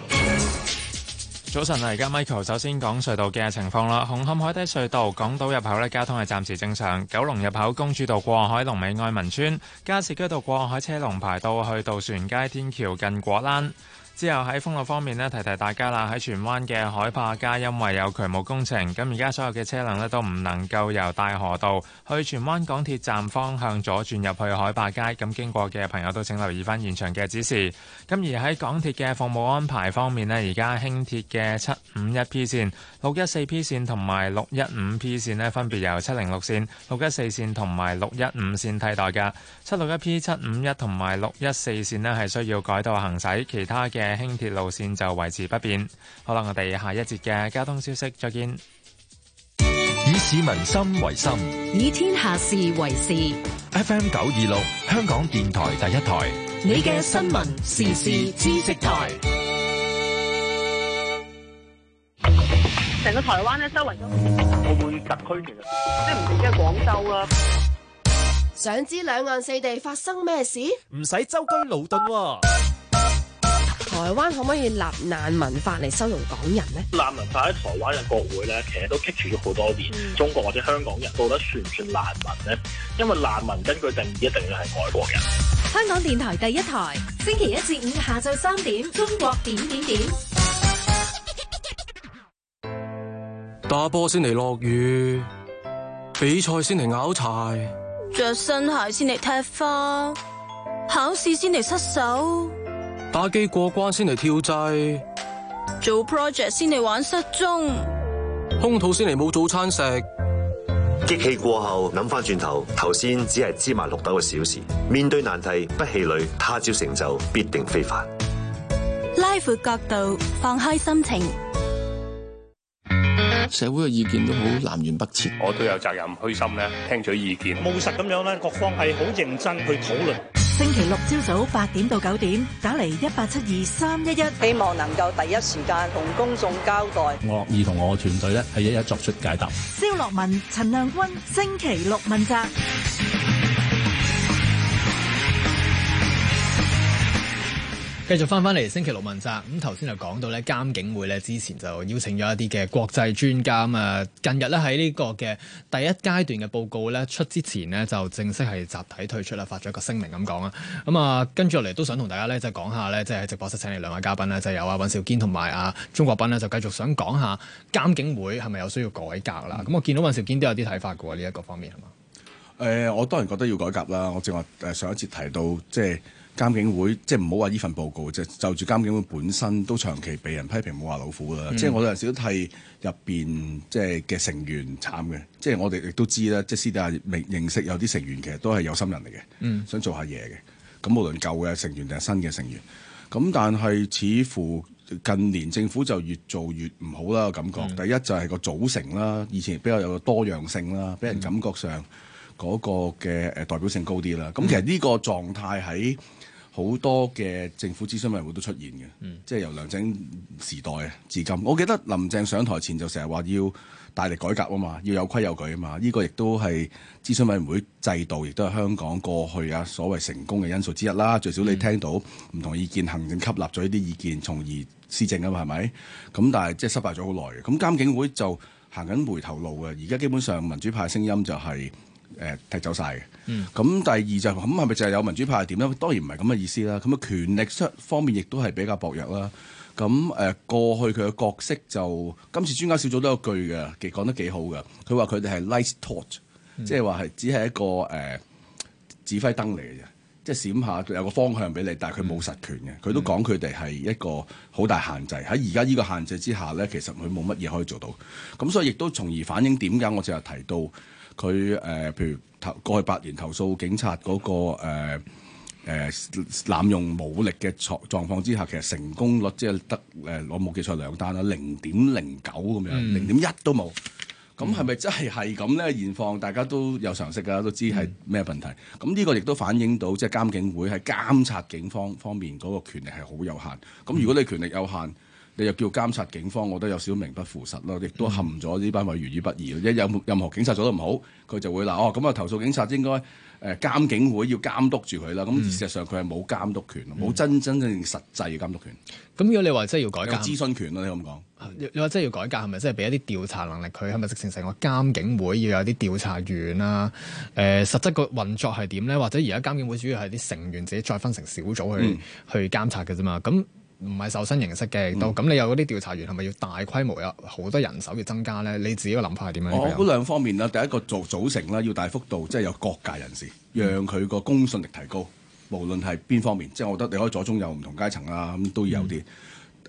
Speaker 2: 早晨啊，而家 Michael 首先講隧道嘅情況啦。紅磡海底隧道港島入口呢，交通係暫時正常。九龍入口公主道過海，龍尾愛民村；加士居道過海，車龍排到去渡船街天橋近果欄。之後喺封路方面呢，提提大家啦。喺荃灣嘅海霸街，因為有渠務工程，咁而家所有嘅車輛呢，都唔能夠由大河道去荃灣港鐵站方向左轉入去海霸街。咁經過嘅朋友都請留意翻現場嘅指示。咁而喺港鐵嘅服務安排方面呢，而家輕鐵嘅七五一 P 線、六一四 P 線同埋六一五 P 線呢，分別由七零六線、六一四線同埋六一五線替代㗎。七六一 P、七五一同埋六一四線呢，係需要改道行駛，其他嘅輕鐵路線就維持不變。好啦，我哋下一節嘅交通消息再見。以市民心為心，
Speaker 3: 以天下事為事。
Speaker 2: FM 九二六，香港電台第一台，
Speaker 3: 你嘅新聞時事
Speaker 1: 知識台。成
Speaker 3: 個台灣咧，周圍都澳門特區其實即係唔止，即係廣州啦、啊。想知兩岸四地發生咩事？
Speaker 5: 唔使舟車勞頓、啊。
Speaker 3: 台灣可唔可以立難民法嚟收容港人
Speaker 5: 呢？難民法喺台灣嘅國會咧，其實都 keep 住咗好多年。嗯、中國或者香港人到底算唔算難民呢？因為
Speaker 3: 難民根據定義，一定要係外國人。
Speaker 2: 香港電台第一台，星期一至五下晝三點，中國點點
Speaker 6: 點。打波先嚟落雨，比賽先嚟拗柴，
Speaker 2: 着新鞋先嚟踢花，考試先嚟失手。打
Speaker 3: 機過關先嚟跳掣，做 project 先嚟玩失蹤，
Speaker 2: 空肚先嚟冇早餐食，激氣過後諗翻轉頭，頭先只係芝麻綠豆嘅小事。面對難題不氣餒，他朝成就必定非凡。拉闊角度放開心情，
Speaker 1: 社會嘅意見都好南轅北轍。我都有責任虛心咧，聽取意見，務實咁樣咧，各方係好認真去討論。
Speaker 2: 星期六朝早八點到九點，打嚟一八七二三一一，希望能夠第一時間同公眾交代。
Speaker 4: 我樂意同我團隊咧，係一一一作出解答。蕭洛汶、陳亮均，星期六問責。
Speaker 3: 繼續返返嚟星期六問責，咁頭先就講到呢監警會呢，之前就邀請咗一啲嘅國際專家嘛，近日呢，喺呢個嘅第一階段嘅報告呢出之前呢，就正式係集體退出啦，發咗一個聲明咁講、嗯、啊。咁啊跟住落嚟都想同大家呢，就講下呢，即係喺直播室請嚟兩位嘉賓呢，就有啊尹兆堅同埋啊鍾國斌呢，就繼續想講下監警會係咪有需要改革啦？咁、嗯、我見到尹兆堅都有啲睇法嘅呢一個方面係嘛？
Speaker 6: 誒、呃，我當然覺得要改革啦。我正話上一次提到即係。監警會即係唔好話呢份報告啫，就住、是、監警會本身都長期被人批評冇牙老虎啦、嗯。即係我有時都替入邊即係嘅成員慘嘅。即係我哋亦都知啦，即係私底下認認識有啲成員其實都係有心人嚟嘅，嗯、想做下嘢嘅。咁無論舊嘅成員定係新嘅成員，咁但係似乎近年政府就越做越唔好啦，感覺。嗯、第一就係個組成啦，以前比較有個多樣性啦，俾人感覺上嗰個嘅誒代表性高啲啦。咁其實呢個狀態喺好多嘅政府諮詢委員會都出現嘅，嗯、即係由梁振時代至今。我記得林鄭上台前就成日話要大力改革啊嘛，要有規有矩啊嘛。呢、呢個亦都係諮詢委員會制度，亦都係香港過去啊所謂成功嘅因素之一啦。最少你聽到唔同意見，嗯、行政吸納咗呢啲意見從而施政啊嘛，係咪？咁但係即係失敗咗好耐嘅咁監警會就行緊回頭路嘅，而家基本上民主派聲音就係、是。誒、呃、踢走晒。嘅、嗯，咁、嗯、第二就咁係咪就係有民主派係點咧？當然唔係咁嘅意思啦。咁、嗯、啊權力方面亦都係比較薄弱啦。咁、嗯、誒過去佢嘅角色就今次專家小組都有句嘅，其實講得幾好嘅。佢話佢哋係 light torch，即係話係只係一個誒、呃、指揮燈嚟嘅啫。即係閃下有個方向俾你，但係佢冇實權嘅，佢都講佢哋係一個好大限制。喺而家呢個限制之下咧，其實佢冇乜嘢可以做到。咁所以亦都從而反映點解我淨係提到佢誒、呃，譬如投過去八年投訴警察嗰、那個誒誒、呃呃、濫用武力嘅狀狀況之下，其實成功率即係得誒，我冇記錯兩單啦，零點零九咁樣，零點一都冇。咁係咪真係係咁呢？現況大家都有常識㗎，都知係咩問題。咁呢個亦都反映到即係、就是、監警會係監察警方方面嗰個權力係好有限。咁如果你權力有限，你又叫監察警方，我覺得有少少名不符實咯。亦都陷咗呢班委員於不義。一、嗯、有任何警察做得唔好，佢就會鬧哦咁啊投訴警察，應該誒監警會要監督住佢啦。咁事實上佢係冇監督權，冇、嗯、真真正實際嘅監督權。咁、嗯嗯、如果你話真係要改革，有諮詢權咯，你咁
Speaker 3: 講。你你話即係要改革，係咪即係俾一啲調查能力？佢係咪直成成個監警會要有啲調查員啊？誒、呃，實質個運作係點咧？或者而家監警會主要係啲成員自己再分成小組去、嗯、去監察嘅啫嘛？咁唔係受身形式嘅都咁，嗯、你有嗰啲調查員係咪要大規模有好多人手要增加咧？你自己個諗法係點樣？我覺
Speaker 6: 得兩方面啦，第一個做組成啦，要大幅度即係、就是、有各界人士，讓佢個公信力提高。嗯、無論係邊方面，即、就、係、是、我覺得你可以左中右唔同階層啊，咁都要有啲。嗯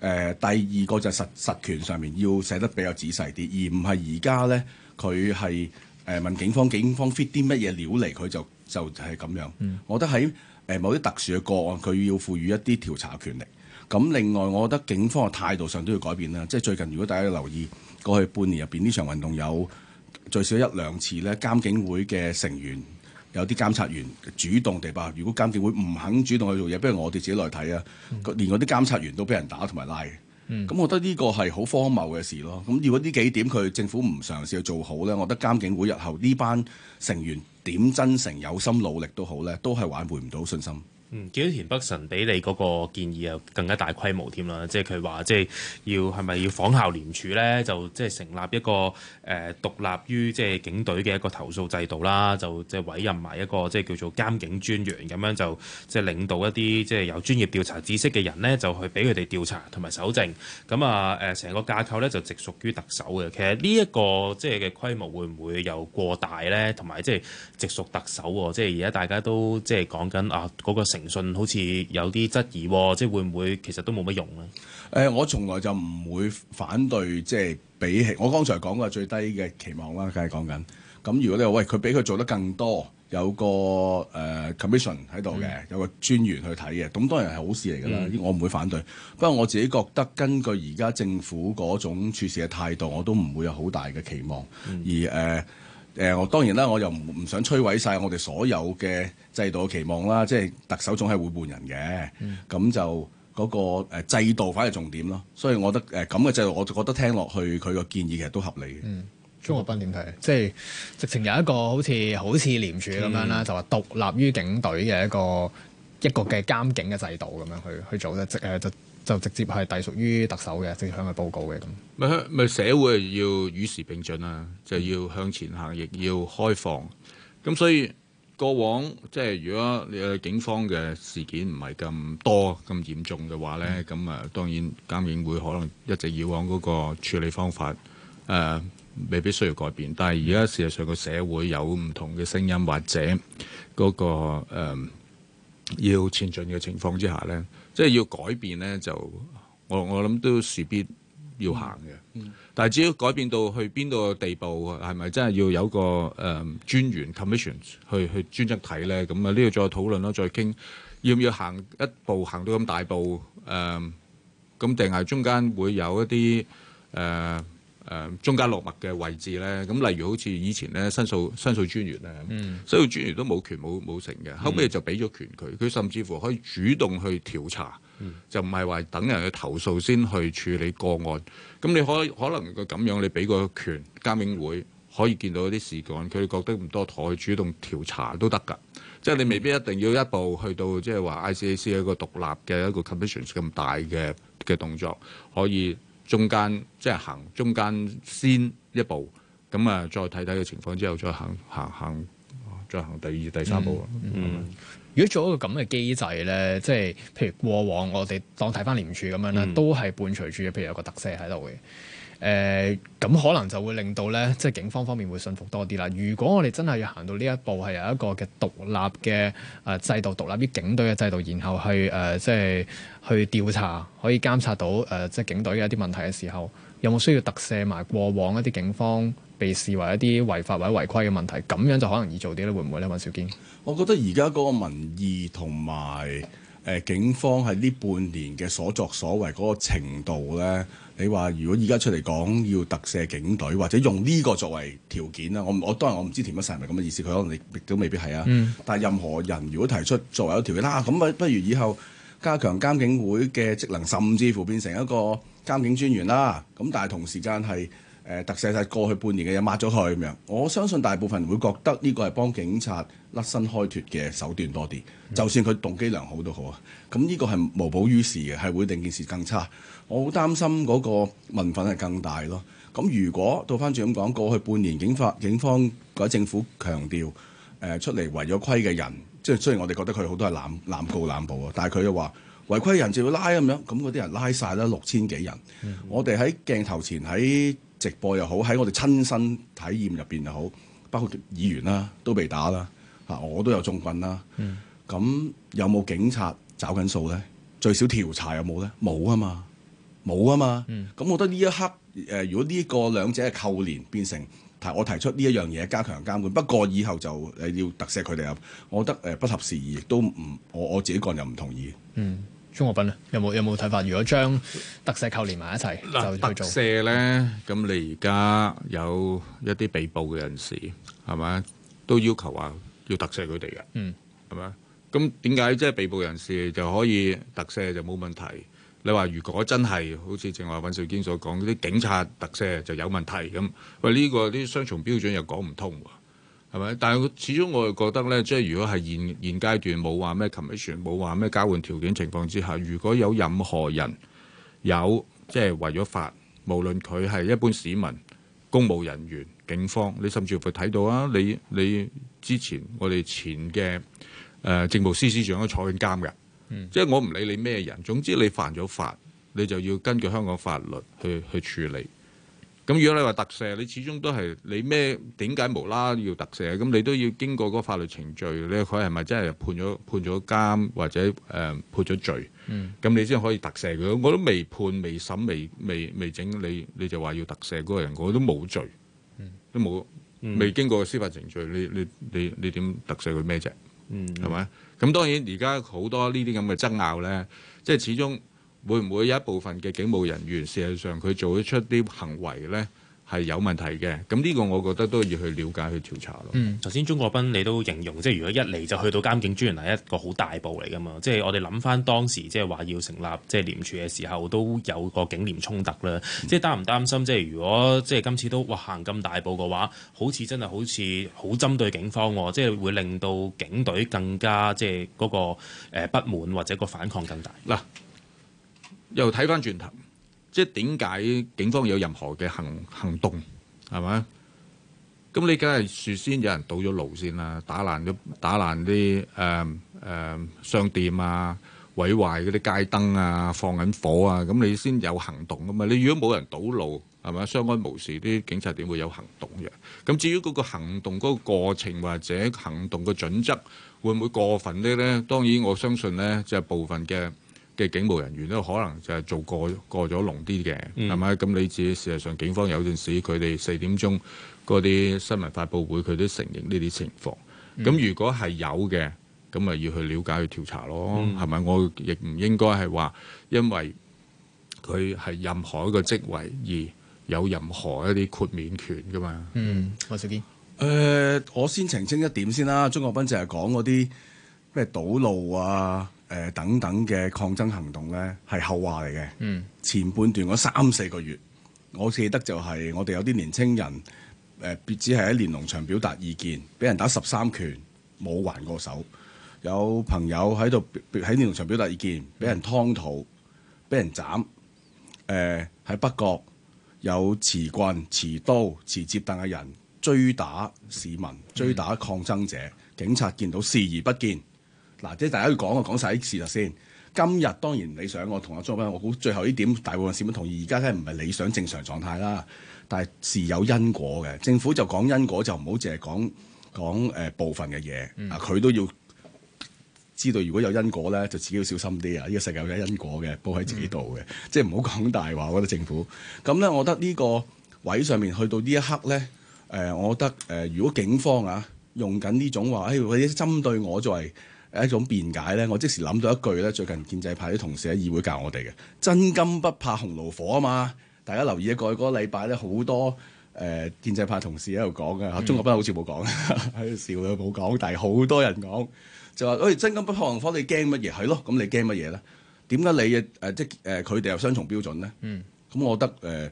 Speaker 6: 誒、呃、第二個就係實實權上面要寫得比較仔細啲，而唔係而家呢佢係誒問警方，警方 fit 啲乜嘢料嚟，佢就就係、是、咁樣。嗯、我覺得喺誒某啲特殊嘅個案，佢要賦予一啲調查權力。咁另外，我覺得警方嘅態度上都要改變啦。即係最近，如果大家要留意過去半年入邊呢場運動有，有最少一兩次咧監警會嘅成員。有啲監察員主動地話，如果監警會唔肯主動去做嘢，不如我哋自己來睇啊！連嗰啲監察員都俾人打同埋拉嘅，咁、嗯、我覺得呢個係好荒謬嘅事咯。咁如果呢幾點佢政府唔嘗試去做好呢，我覺得監警會日後呢班成員點真誠有心努力都好呢，都係挽回唔到信心。
Speaker 5: 嗯，見到田北辰俾你嗰個建議又更加大規模添啦，即係佢話即係要係咪要仿效廉署咧，就即係成立一個誒、呃、獨立於即係警隊嘅一個投訴制度啦，就即係委任埋一個即係叫做監警專員咁樣就即係領導一啲即係有專業調查知識嘅人呢，就去俾佢哋調查同埋搜證。咁啊誒，成個架構咧就直屬於特首嘅。其實呢、這、一個即係嘅規模會唔會又過大咧？同埋即係直屬特首喎。即係而家大家都即係講緊啊嗰、那個成。傳好似有啲質疑，即係會唔會其實都冇乜用
Speaker 6: 咧？誒，我從來就唔會反對，即係起我剛才講嘅最低嘅期望啦。梗係講緊咁，如果你話喂佢俾佢做得更多，有個誒、呃、commission 喺度嘅，嗯、有個專員去睇嘅，咁當然係好事嚟噶啦，嗯、我唔會反對。不過我自己覺得，根據而家政府嗰種處事嘅態度，我都唔會有好大嘅期望，嗯、而誒。呃誒，我當然啦，我又唔唔想摧毀晒我哋所有嘅制度嘅期望啦。即係特首總係會換人嘅，咁、嗯、就嗰個制度反而重點咯。所以，我覺得誒咁嘅制度，我就覺得聽落去佢個建議其實都合
Speaker 3: 理。嗯，鍾國斌點睇？嗯、即係直情有一個好似好似廉署咁樣啦，嗯、就話獨立於警隊嘅一個一個嘅監警嘅制度咁樣去去做咧，即誒就。呃就直接係隸屬於特首嘅，直接向佢報告嘅咁。
Speaker 4: 咪咪社會要與時並進啊，嗯、就要向前行，亦要開放。咁所以過往即係、就是、如果誒警方嘅事件唔係咁多、咁嚴重嘅話咧，咁誒、嗯、當然監警會可能一直以往嗰個處理方法誒、呃、未必需要改變。但係而家事實上個社會有唔同嘅聲音，或者嗰、那個、呃、要前進嘅情況之下咧。即係要改變咧，就我我諗都勢必要行嘅。嗯嗯、但係至於改變到去邊度地步，係咪真係要有個誒、呃、專員 commission 去去專責睇咧？咁啊呢度再討論啦，再傾要唔要行一步，行到咁大步誒？咁定係中間會有一啲誒？呃誒中間落墨嘅位置咧，咁例如好似以前咧，申訴申訴專員咧，申訴專員、嗯、都冇權冇冇成嘅，後尾就俾咗權佢，佢甚至乎可以主動去調查，嗯、就唔係話等人去投訴先去處理個案。咁你可可能佢咁樣，你俾個權監警會可以見到啲事幹，佢覺得唔多妥，主動調查都得㗎。嗯、即係你未必一定要一步去到即係話 ICAC 一個獨立嘅一個 commission 咁大嘅嘅動作可以。中間即係行中間先
Speaker 3: 一步，咁啊再睇睇個情況之後，再行行行再行第二第三步。嗯，係嗎？嗯，如果做一個咁嘅機制咧，即係譬如過往我哋當睇翻廉署咁樣咧，都係伴隨住譬如有個特色喺度嘅。嗯誒咁、呃、可能就會令到咧，即係警方方面會信服多啲啦。如果我哋真係要行到呢一步，係有一個嘅獨立嘅啊、呃、制度，獨立於警隊嘅制度，然後去誒、呃，即係去調查，可以監察到誒、呃，即係警隊嘅一啲問題嘅時候，有冇需要特赦埋過往一啲警方被視為一啲違法或者違規嘅問題？咁樣就可能易做啲咧，會唔會咧？尹兆堅，我覺得而家嗰個民意同埋。誒警方係呢半年嘅
Speaker 6: 所作所為嗰個程度呢，你話如果而家出嚟講要特赦警隊，或者用呢個作為條件啦，我我當然我唔知田北辰係咪咁嘅意思，佢可能亦都未必係啊。嗯、但係任何人如果提出作為一個條件，啦咁啊，不如以後加強監警會嘅職能，甚至乎變成一個監警專員啦。咁但係同時間係，誒特赦晒過去半年嘅嘢抹咗佢。咁樣，我相信大部分人會覺得呢個係幫警察甩身開脱嘅手段多啲，就算佢動機良好都好啊。咁、這、呢個係無補於事嘅，係會令件事更差。我好擔心嗰個民憤係更大咯。咁如果倒翻轉咁講，過去半年警法警方嗰政府強調誒、呃、出嚟違咗規嘅人，即係雖然我哋覺得佢好多係濫濫告濫捕啊，但係佢又話違規人就要拉咁樣，咁嗰啲人拉晒啦六千幾人，嗯、我哋喺鏡頭前喺。直播又好，喺我哋親身體驗入邊又好，包括議員啦、啊、都被打啦，嚇我都有中棍啦、啊。咁、嗯、有冇警察找緊數咧？最少調查有冇咧？冇啊嘛，冇啊嘛。咁、嗯、我覺得呢一刻，誒、呃、如果呢一個兩者嘅扣連變成，提我提出呢一樣嘢加強監管，不過以後就你要特赦佢哋啊，
Speaker 3: 我覺得誒不合時宜，亦都唔我我自己個人又唔同意。嗯。鍾國斌咧，有冇有冇睇法？如果將特赦扣連埋一齊就去做？特赦
Speaker 4: 咧，咁你而家有一啲被捕嘅人士，係咪都要求話要特赦佢哋嘅？嗯，係咪？咁點解即係被捕人士就可以特赦就冇問題？你話如果真係好似正話尹兆堅所講，啲警察特赦就有問題咁？喂，呢個啲雙重標準又講唔通喎？係咪？但係始終我係覺得呢，即係如果係現現階段冇話咩 commission，冇話咩交換條件情況之下，如果有任何人有即係違咗法，無論佢係一般市民、公務人員、警方，你甚至乎睇到啊，你你之前我哋前嘅誒、呃、政務司司長都坐緊監嘅，嗯、即係我唔理你咩人，總之你犯咗法，你就要根據香港法律去去處理。咁如果你話特赦，你始終都係你咩點解無啦要特赦？咁你都要經過嗰法律程序，你佢係咪真係判咗判咗監或者誒、呃、判咗罪？咁、嗯、你先可以特赦佢。我都未判、未審、未未未整你，你就話要特赦嗰個人，我都冇罪，都冇未經過司法程序，你你你你點特赦佢咩啫？嗯，嗯，係咪？咁當然而家好多呢啲咁嘅爭拗咧，即係始終。會唔會有一部分嘅警務人員，事實上佢做咗出啲行為呢係有問題
Speaker 5: 嘅？咁呢個我覺得都要去了解去調查咯。頭先鍾國斌你都形容，即係如果一嚟就去到監警專員係一個好大步嚟㗎嘛？即係我哋諗返當時即係話要成立即係廉署嘅時候，都有個警廉衝突啦。嗯、即係擔唔擔心，即係如果即係今次都哇行咁大步嘅話，好似真係好似好針對警方喎、哦，即係會令到警隊更加即係嗰個不滿或者個反抗更大嗱。啊。又睇翻轉頭，即係點解警方有任何嘅行行動
Speaker 4: 係嘛？咁你梗係事先有人堵咗路先啦，打爛咗打爛啲誒誒商店啊，毀壞嗰啲街燈啊，放緊火啊，咁你先有行動噶嘛？你如果冇人堵路係咪？相安無事，啲警察點會有行動嘅？咁至於嗰個行動嗰個過程或者行動嘅準則會唔會過分啲咧？當然我相信咧，就係部分嘅嘅警務人員都可能就係做過過咗龍啲嘅，係咪、嗯？咁你自己事實上，警方有陣時佢哋四點鐘嗰啲新聞發佈會，佢都承認呢啲情況。咁、嗯、如果係有嘅，咁咪要去了解去調查咯，係咪、嗯？我亦唔應該係話，因為佢係任何一個職位而有任何一啲豁免
Speaker 3: 權㗎嘛。嗯，嗯，何少堅，
Speaker 6: 誒、呃，我先澄清一點先啦。鍾國斌淨係講嗰啲咩堵路啊。誒、呃、等等嘅抗爭行動咧，係後話嚟嘅。嗯、前半段嗰三四個月，我記得就係、是、我哋有啲年青人誒、呃，只係喺連儂牆表達意見，俾人打十三拳冇還過手。有朋友喺度喺連儂牆表達意見，俾人劏肚，俾、嗯、人斬。誒、呃、喺北角有持棍、持刀、持摺凳嘅人追打市民、追打抗爭者，嗯、警察見到視而不見。嗱，即係大家要講啊，講晒啲事實啦。先今日當然你想。我同阿張生，我估最後呢點大部分市民同意。而家梗係唔係理想正常狀態啦，但係是，是有因果嘅。政府就講因果就唔好淨係講講誒部分嘅嘢、嗯、啊。佢都要知道，如果有因果咧，就自己要小心啲啊。呢個世界有因果嘅，報喺自己度嘅，即係唔好講大話。我覺得政府咁咧，我覺得呢個位上面去到呢一刻咧，誒、呃，我覺得誒、呃，如果警方啊用緊呢種話，誒或者針對我作為。一種辯解咧，我即時諗到一句咧，最近建制派啲同事喺議會教我哋嘅，真金不怕紅爐火啊嘛！大家留意一過去嗰個禮拜咧，好多誒、呃、建制派同事喺度講嘅，鍾國斌好似冇講喺度笑啊冇講，但係好多人講就話喂、欸，真金不怕紅火，你驚乜嘢？係咯，咁你驚乜嘢咧？點解你誒、呃、即誒佢哋有雙重標準咧？嗯，咁我覺得誒。呃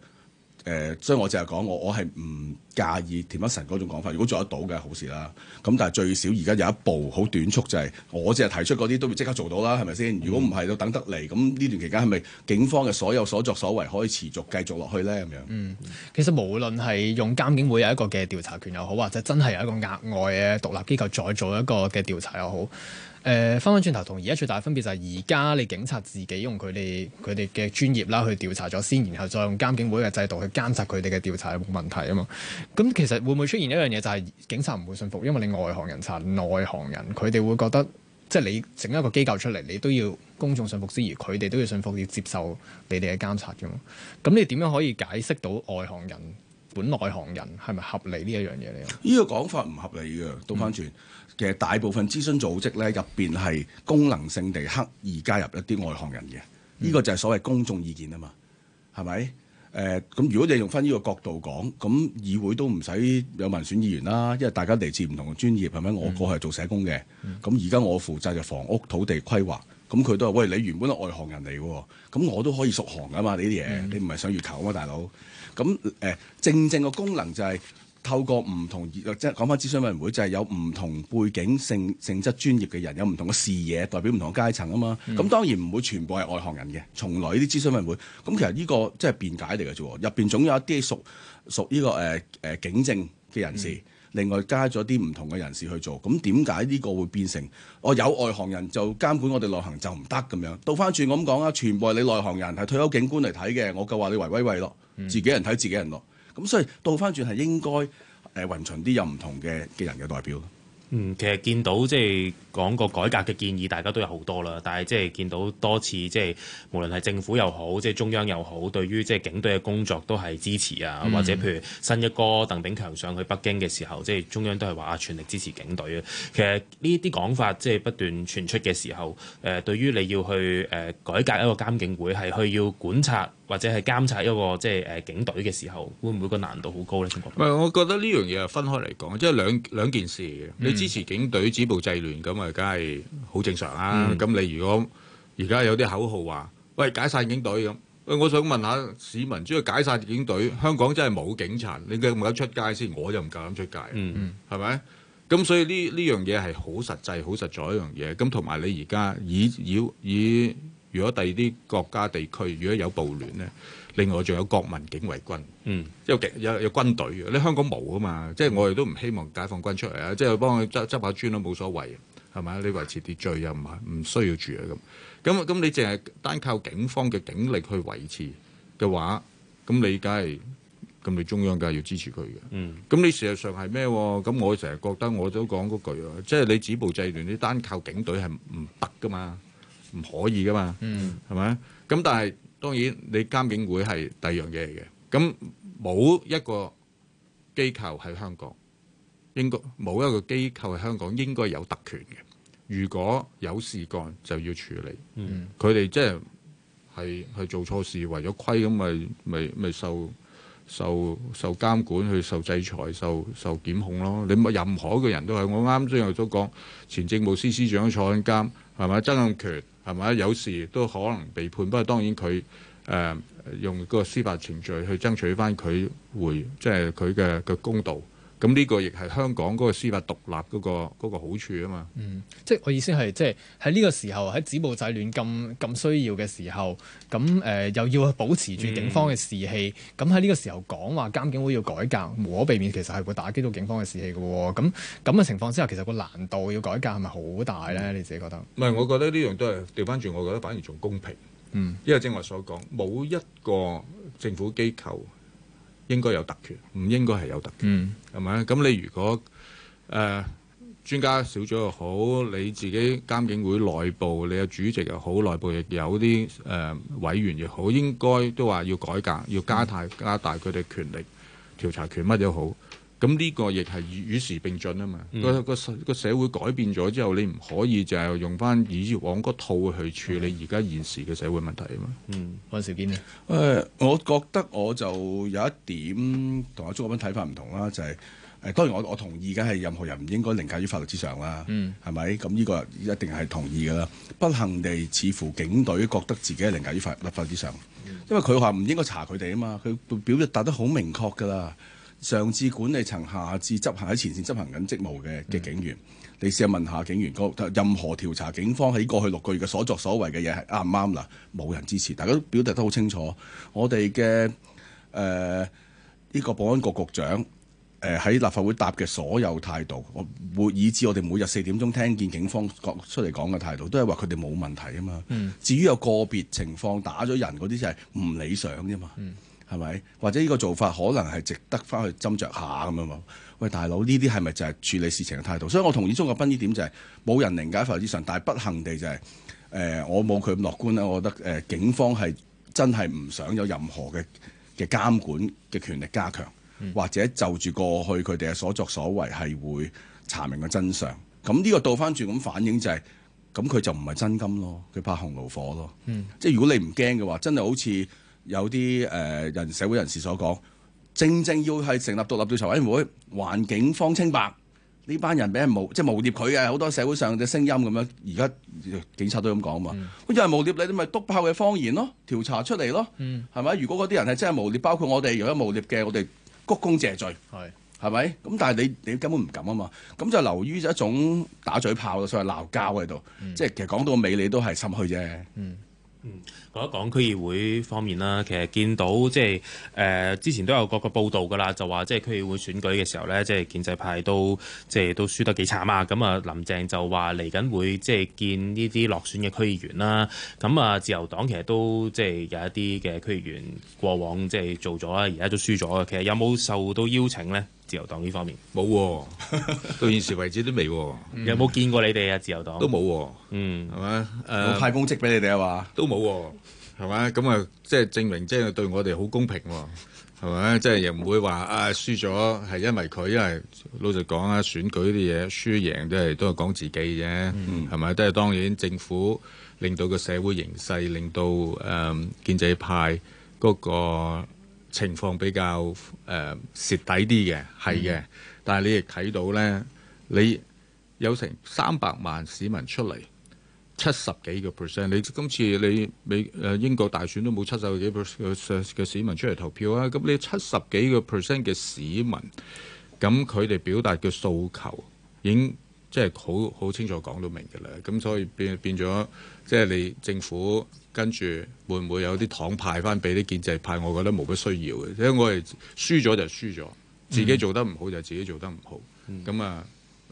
Speaker 6: 誒、呃，所以我淨係講我，我係唔介意田北辰嗰種講法。如果做得到嘅好事啦，咁但係最少而家有一步好短促，就是，就係我淨係提出嗰啲都要即刻做到啦，係咪先？嗯、如果唔係都等得嚟，咁呢段期間係咪
Speaker 3: 警方嘅所有所作所為可以持續繼續落去咧？咁樣嗯，其實無論係用監警會有一個嘅調查權又好，或者真係有一個額外嘅獨立機構再做一個嘅調查又好。誒，翻返轉頭，同而家最大分別就係而家你警察自己用佢哋佢哋嘅專業啦，去調查咗先，然後再用監警會嘅制度去監察佢哋嘅調查有冇問題啊嘛。咁其實會唔會出現一樣嘢，就係警察唔會信服，因為你外行人查內行人，佢哋會覺得即係你整一個機構出嚟，你都要公眾信服之餘，佢哋都要信服要接受你哋嘅監察噶嘛。咁你點樣可以解釋到外行人本內行人係咪合理呢一樣嘢咧？呢
Speaker 6: 個講法唔合理嘅，倒翻轉。嘅大部分諮詢組織咧，入邊係功能性地刻意加入一啲外行人嘅，呢、嗯、個就係所謂公眾意見啊嘛，係咪？誒、呃，咁如果你用翻呢個角度講，咁議會都唔使有民選議員啦，因為大家嚟自唔同嘅專業，係咪？我過去係做社工嘅，咁而家我負責就房屋土地規劃，咁佢都話：喂，你原本係外行人嚟㗎喎，咁我都可以熟行㗎嘛，呢啲嘢，嗯、你唔係上月球啊嘛，大佬。咁誒、呃，正正個功能就係、是。透過唔同即係講翻諮詢委員會，就係、是、有唔同背景、性性質、專業嘅人，有唔同嘅視野，代表唔同嘅階層啊嘛。咁、嗯、當然唔會全部係外行人嘅，從來啲諮詢委員會。咁其實呢個即係辯解嚟嘅啫，入邊總有一啲屬屬呢個誒誒、呃呃、警政嘅人士，嗯、另外加咗啲唔同嘅人士去做。咁點解呢個會變成我有外行人就監管我哋內行就唔得咁樣？倒翻轉咁講啊，全部係你內行人，係退休警官嚟睇嘅，我夠話你圍威喂咯，自己人睇自己人咯。嗯咁所以倒翻轉，係應該誒雲層啲有唔同嘅嘅人嘅代表。
Speaker 5: 嗯，其實見到即係講個改革嘅建議，大家都有好多啦。但係即係見到多次即係無論係政府又好，即係中央又好，對於即係警隊嘅工作都係支持啊。嗯、或者譬如新一哥鄧炳強上去北京嘅時候，即係中央都係話啊，全力支持警隊啊。其實呢啲講法即係不斷傳出嘅時候，誒，對於你要去誒改革一個監警會，係去要觀察。或者係監察一個即係誒警隊嘅時候，會唔會個難度好高咧？中國
Speaker 4: 唔係，我覺得呢樣嘢係分開嚟講，即係兩兩件事。嘅、嗯。你支持警隊止暴制亂，咁啊，梗係好正常啦。咁你如果而家有啲口號話，喂解散警隊咁，喂、呃，我想問下市民，只要解散警隊，香港真係冇警察，你夠唔夠膽出街先？我就唔夠膽出街，啊。嗯嗯，係咪？咁所以呢呢樣嘢係好實際、好實在一樣嘢。咁同埋你而家以要以。以以以以以如果第二啲國家地區如果有暴亂咧，另外仲有國民警衛軍，嗯，有警有有軍隊嘅，你香港冇啊嘛，即係我哋都唔希望解放軍出嚟啊，即係幫佢執執下磚都冇所謂，係咪啊？你維持秩序又唔係唔需要住啊咁，咁咁你淨係單靠警方嘅警力去維持嘅話，咁你梗係咁你中央梗係要支持佢嘅，嗯，咁你事實上係咩？咁我成日覺得我都講嗰句啊，即係你止暴制亂，你單靠警隊係唔得噶嘛。唔可以噶嘛，係咪、嗯？咁但係當然，你監警會係第二樣嘢嚟嘅。咁冇一個機構喺香港應該冇一個機構喺香港應該有特權嘅。如果有事幹就要處理。佢哋即係係係做錯事，違咗規咁咪咪咪受受受監管，去受制裁、受受檢控咯。你咪任何一個人都係我啱先又都講，前政務司司長坐緊監係咪？曾蔭權。係咪？有時都可能被判，不過當然佢誒、呃、用嗰個司法程序去爭取翻佢回，即係佢嘅嘅公道。咁呢個亦係香港嗰個司法獨立嗰、嗰個嗰個好處啊嘛。嗯，
Speaker 3: 即係我意思係，即係喺呢個時候喺止暴制亂咁咁需要嘅時候，咁誒、呃、又要保持住警方嘅士氣，咁喺呢個時候講話監警會要改革，無可避免其實係會打擊到警方嘅士氣嘅喎、哦。咁咁嘅情況之下，其實個難度要改革係咪好大呢？你自己覺得？唔
Speaker 4: 係、嗯，我覺得呢樣都係調翻轉，我覺得反而仲公平。嗯，因為正如我所講，冇一個政府機構。應該有特權，唔應該係有特權，係咪、嗯？咁你如果誒、呃、專家小組又好，你自己監警會內部，你嘅主席又好，內部亦有啲誒、呃、委員又好，應該都話要改革，要加大加大佢哋權力、調查權乜都好。咁呢個亦係與時並進啊嘛！個個、嗯、社會改變咗之後，你唔可以就係用翻以往個套去處理而家現時嘅社會問題啊嘛！嗯，
Speaker 3: 温兆健
Speaker 6: 啊，嗯嗯、我覺得我就有一點有中同阿鍾國斌睇法唔同啦，就係、是、誒，當然我我同意嘅係任何人唔應該凌駕於法律之上啦，係咪、嗯？咁呢個一定係同意噶啦。不幸地，似乎警隊覺得自己係凌駕於法，法律法之上，嗯嗯、因為佢話唔應該查佢哋啊嘛，佢表達得好明確噶啦。上至管理層，下至執行喺前線執行緊職務嘅嘅警員，嗯、你試下問下警員，任何調查警方喺過去六個月嘅所作所為嘅嘢係啱唔啱？嗱，冇人支持，大家都表達得好清楚。我哋嘅誒呢個保安局局長誒喺、呃、立法會答嘅所有態度，我每以至我哋每日四點鐘聽見警方講出嚟講嘅態度，都係話佢哋冇問題啊嘛。嗯、至於有個別情況打咗人嗰啲，就係唔理想啫嘛。嗯係咪？或者呢個做法可能係值得翻去斟酌下咁樣喎？喂，大佬呢啲係咪就係處理事情嘅態度？所以我同意鍾國斌呢點就係、是、冇人凌駕法律之上，但係不幸地就係、是、誒、呃，我冇佢咁樂觀啦。我覺得誒、呃，警方係真係唔想有任何嘅嘅監管嘅權力加強，嗯、或者就住過去佢哋嘅所作所為係會查明個真相。咁呢個倒翻轉咁反應就係、是，咁佢就唔係真金咯，佢怕紅爐火咯。嗯、即係如果你唔驚嘅話，真係好似。有啲誒人社會人士所講，正正要係成立獨立調查委員會，還警方清白。呢班人俾人誣即係誣衊佢嘅，好多社會上嘅聲音咁樣。而家警察都咁講啊嘛，因為誣衊你咪督炮嘅方言咯，調查出嚟咯，係咪？如果嗰啲人係真係誣衊，包括我哋如果誣衊嘅，我哋鞠躬謝罪係，係咪？咁但係你你根本唔敢啊嘛，咁就流於一種打嘴炮嘅，所謂鬧交喺度，即係其實講到尾你都係心虛啫。
Speaker 5: 嗯，講一講區議會方面啦，其實見到即係誒之前都有個報道噶啦，就話即係區議會選舉嘅時候咧，即係建制派都即係都輸得幾慘啊！咁啊，林鄭就話嚟緊會即係見呢啲落選嘅區議員啦。咁啊，自由黨其實都即係有一啲嘅區議員過往即係做咗啦，而家都輸咗嘅。其實有冇受到邀請咧？自由黨呢方面冇，哦、 <laughs> 到現時為止都未、哦。嗯、有冇見過你哋啊？
Speaker 4: 自由黨都冇、哦，嗯，係嘛吧？派公職俾你哋啊嘛？都冇、哦，係嘛？咁、哦就是、啊，即係證明即係對我哋好公平喎，係咪？即係又唔會話啊輸咗係因為佢，因為老實講啊，選舉啲嘢輸贏都係都係講自己啫，係咪、嗯？都係當然政府令到個社會形勢，令到誒建制派嗰、那個。情況比較誒蝕、呃、底啲嘅，係嘅。嗯、但係你亦睇到咧，你有成三百萬市民出嚟，七十幾個 percent。你今次你美誒、呃、英國大選都冇七十幾個 percent 嘅市民出嚟投票啊。咁你七十幾個 percent 嘅市民，咁佢哋表達嘅訴求，已經即係好好清楚講到明㗎啦。咁所以變變咗，即係你政府。跟住會唔會有啲糖派翻俾啲建制派？我覺得冇乜需要嘅，因為我哋輸咗就輸咗，自己做得唔好就自己做得唔好。咁、嗯、啊，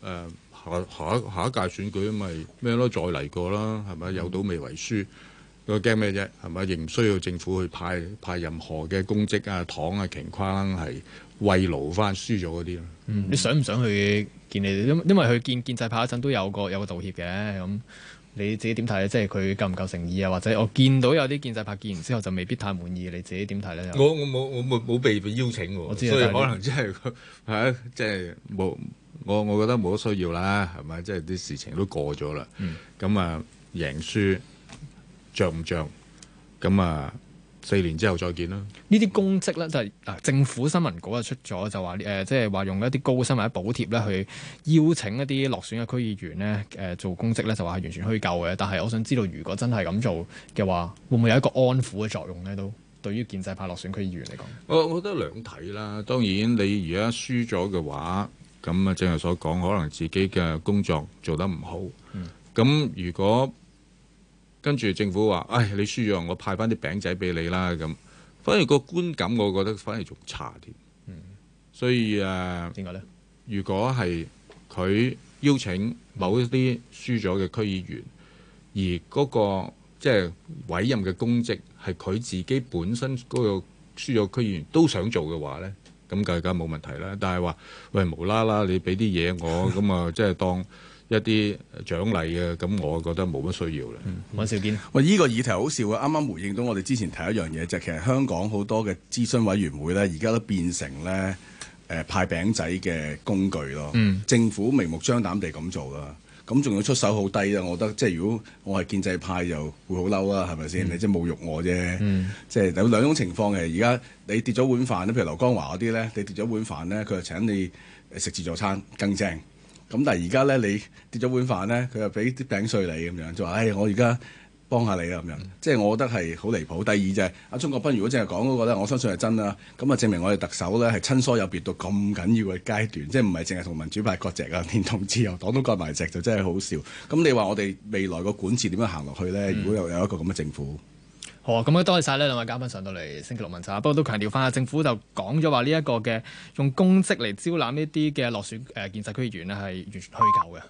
Speaker 4: 誒下下一下一屆選舉咪咩咯，再嚟過啦，係咪有賭未為輸？我驚咩啫？係咪亦唔需要
Speaker 3: 政府去派派任何嘅公職啊、糖啊、鉛框係慰勞翻輸咗嗰啲咯？你想唔想去見你？因因為去見建制派嗰陣都有個有個道歉嘅咁。你自己點睇咧？即係佢夠唔夠誠意啊？或者我見到有啲建制派見完之後就未必太滿意。你自己點睇咧？我我冇我冇冇
Speaker 4: 被邀請
Speaker 3: 喎，我知，所以可能
Speaker 4: 真係嚇，即係冇我我覺得冇乜需要啦，係咪？即係啲事情都過咗啦。咁、嗯、啊，贏輸著唔著，咁啊。四年之後再見啦！
Speaker 3: 呢啲公職咧就係嗱，政府新聞稿就出咗就話誒，即係話用一啲高薪或者補貼咧去邀請一啲落選嘅區議員呢誒、呃、做公職咧，就話係完全虛構嘅。但係我想知道，如果真係咁做嘅話，會唔會有一個安撫嘅作用呢？都對於建制派落選區議員嚟講，
Speaker 4: 我覺得兩睇啦。當然你而家輸咗嘅話，咁啊正如所講，可能自己嘅工作做得唔好。嗯，咁如果。跟住政府話，唉、哎，你輸咗，我派翻啲餅仔俾你啦，咁反而個觀感，我覺得反而仲差啲。嗯，所以誒，點解咧？如果係佢邀請某一啲輸咗嘅區議員，而嗰個即係委任嘅公職係佢自己本身嗰個輸咗區議員都想做嘅話咧，咁梗係冇問題啦。但係話，喂，無啦啦，你俾啲嘢我，咁啊， <laughs> 即係當。一啲獎
Speaker 6: 勵啊，咁我覺得冇乜需要啦。尹兆堅，嗯、喂，依、依個議題好笑啊！啱啱回應到我哋之前提一樣嘢，就係、其實香港好多嘅諮詢委員會咧，而家都變成咧誒、呃、派餅仔嘅工具咯。嗯、政府明目張膽地咁做啦，咁仲要出手好低啊！我覺得，即係如果我係建制派，就會好嬲啦，係咪先？嗯、你即係侮辱我啫，嗯、即係有兩種情況嘅。而家你跌咗碗飯咧，譬如劉江華嗰啲咧，你跌咗碗飯咧，佢就請你食自助餐，更正。咁但係而家咧，你跌咗碗飯咧，佢又俾啲餅碎你咁樣，就話：唉、哎，我而家幫下你啊咁樣。即係我覺得係好離譜。第二就係，阿鍾國斌，如果淨係講嗰個咧，我相信係真啦。咁啊，證明我哋特首咧係親疏有別到咁緊要嘅階段，即係唔係淨係同民主派割席啊？連同自由黨都割埋席，就真係好笑。咁你話我哋未來個管治點樣行落去咧？如果有有一個咁嘅政府？
Speaker 3: 好，咁樣多謝晒呢兩位嘉賓上到嚟星期六問責，不過都強調翻啊，政府就講咗話呢一個嘅用公職嚟招攬呢啲嘅落選誒、呃、建制區議員咧，係完全虛構嘅。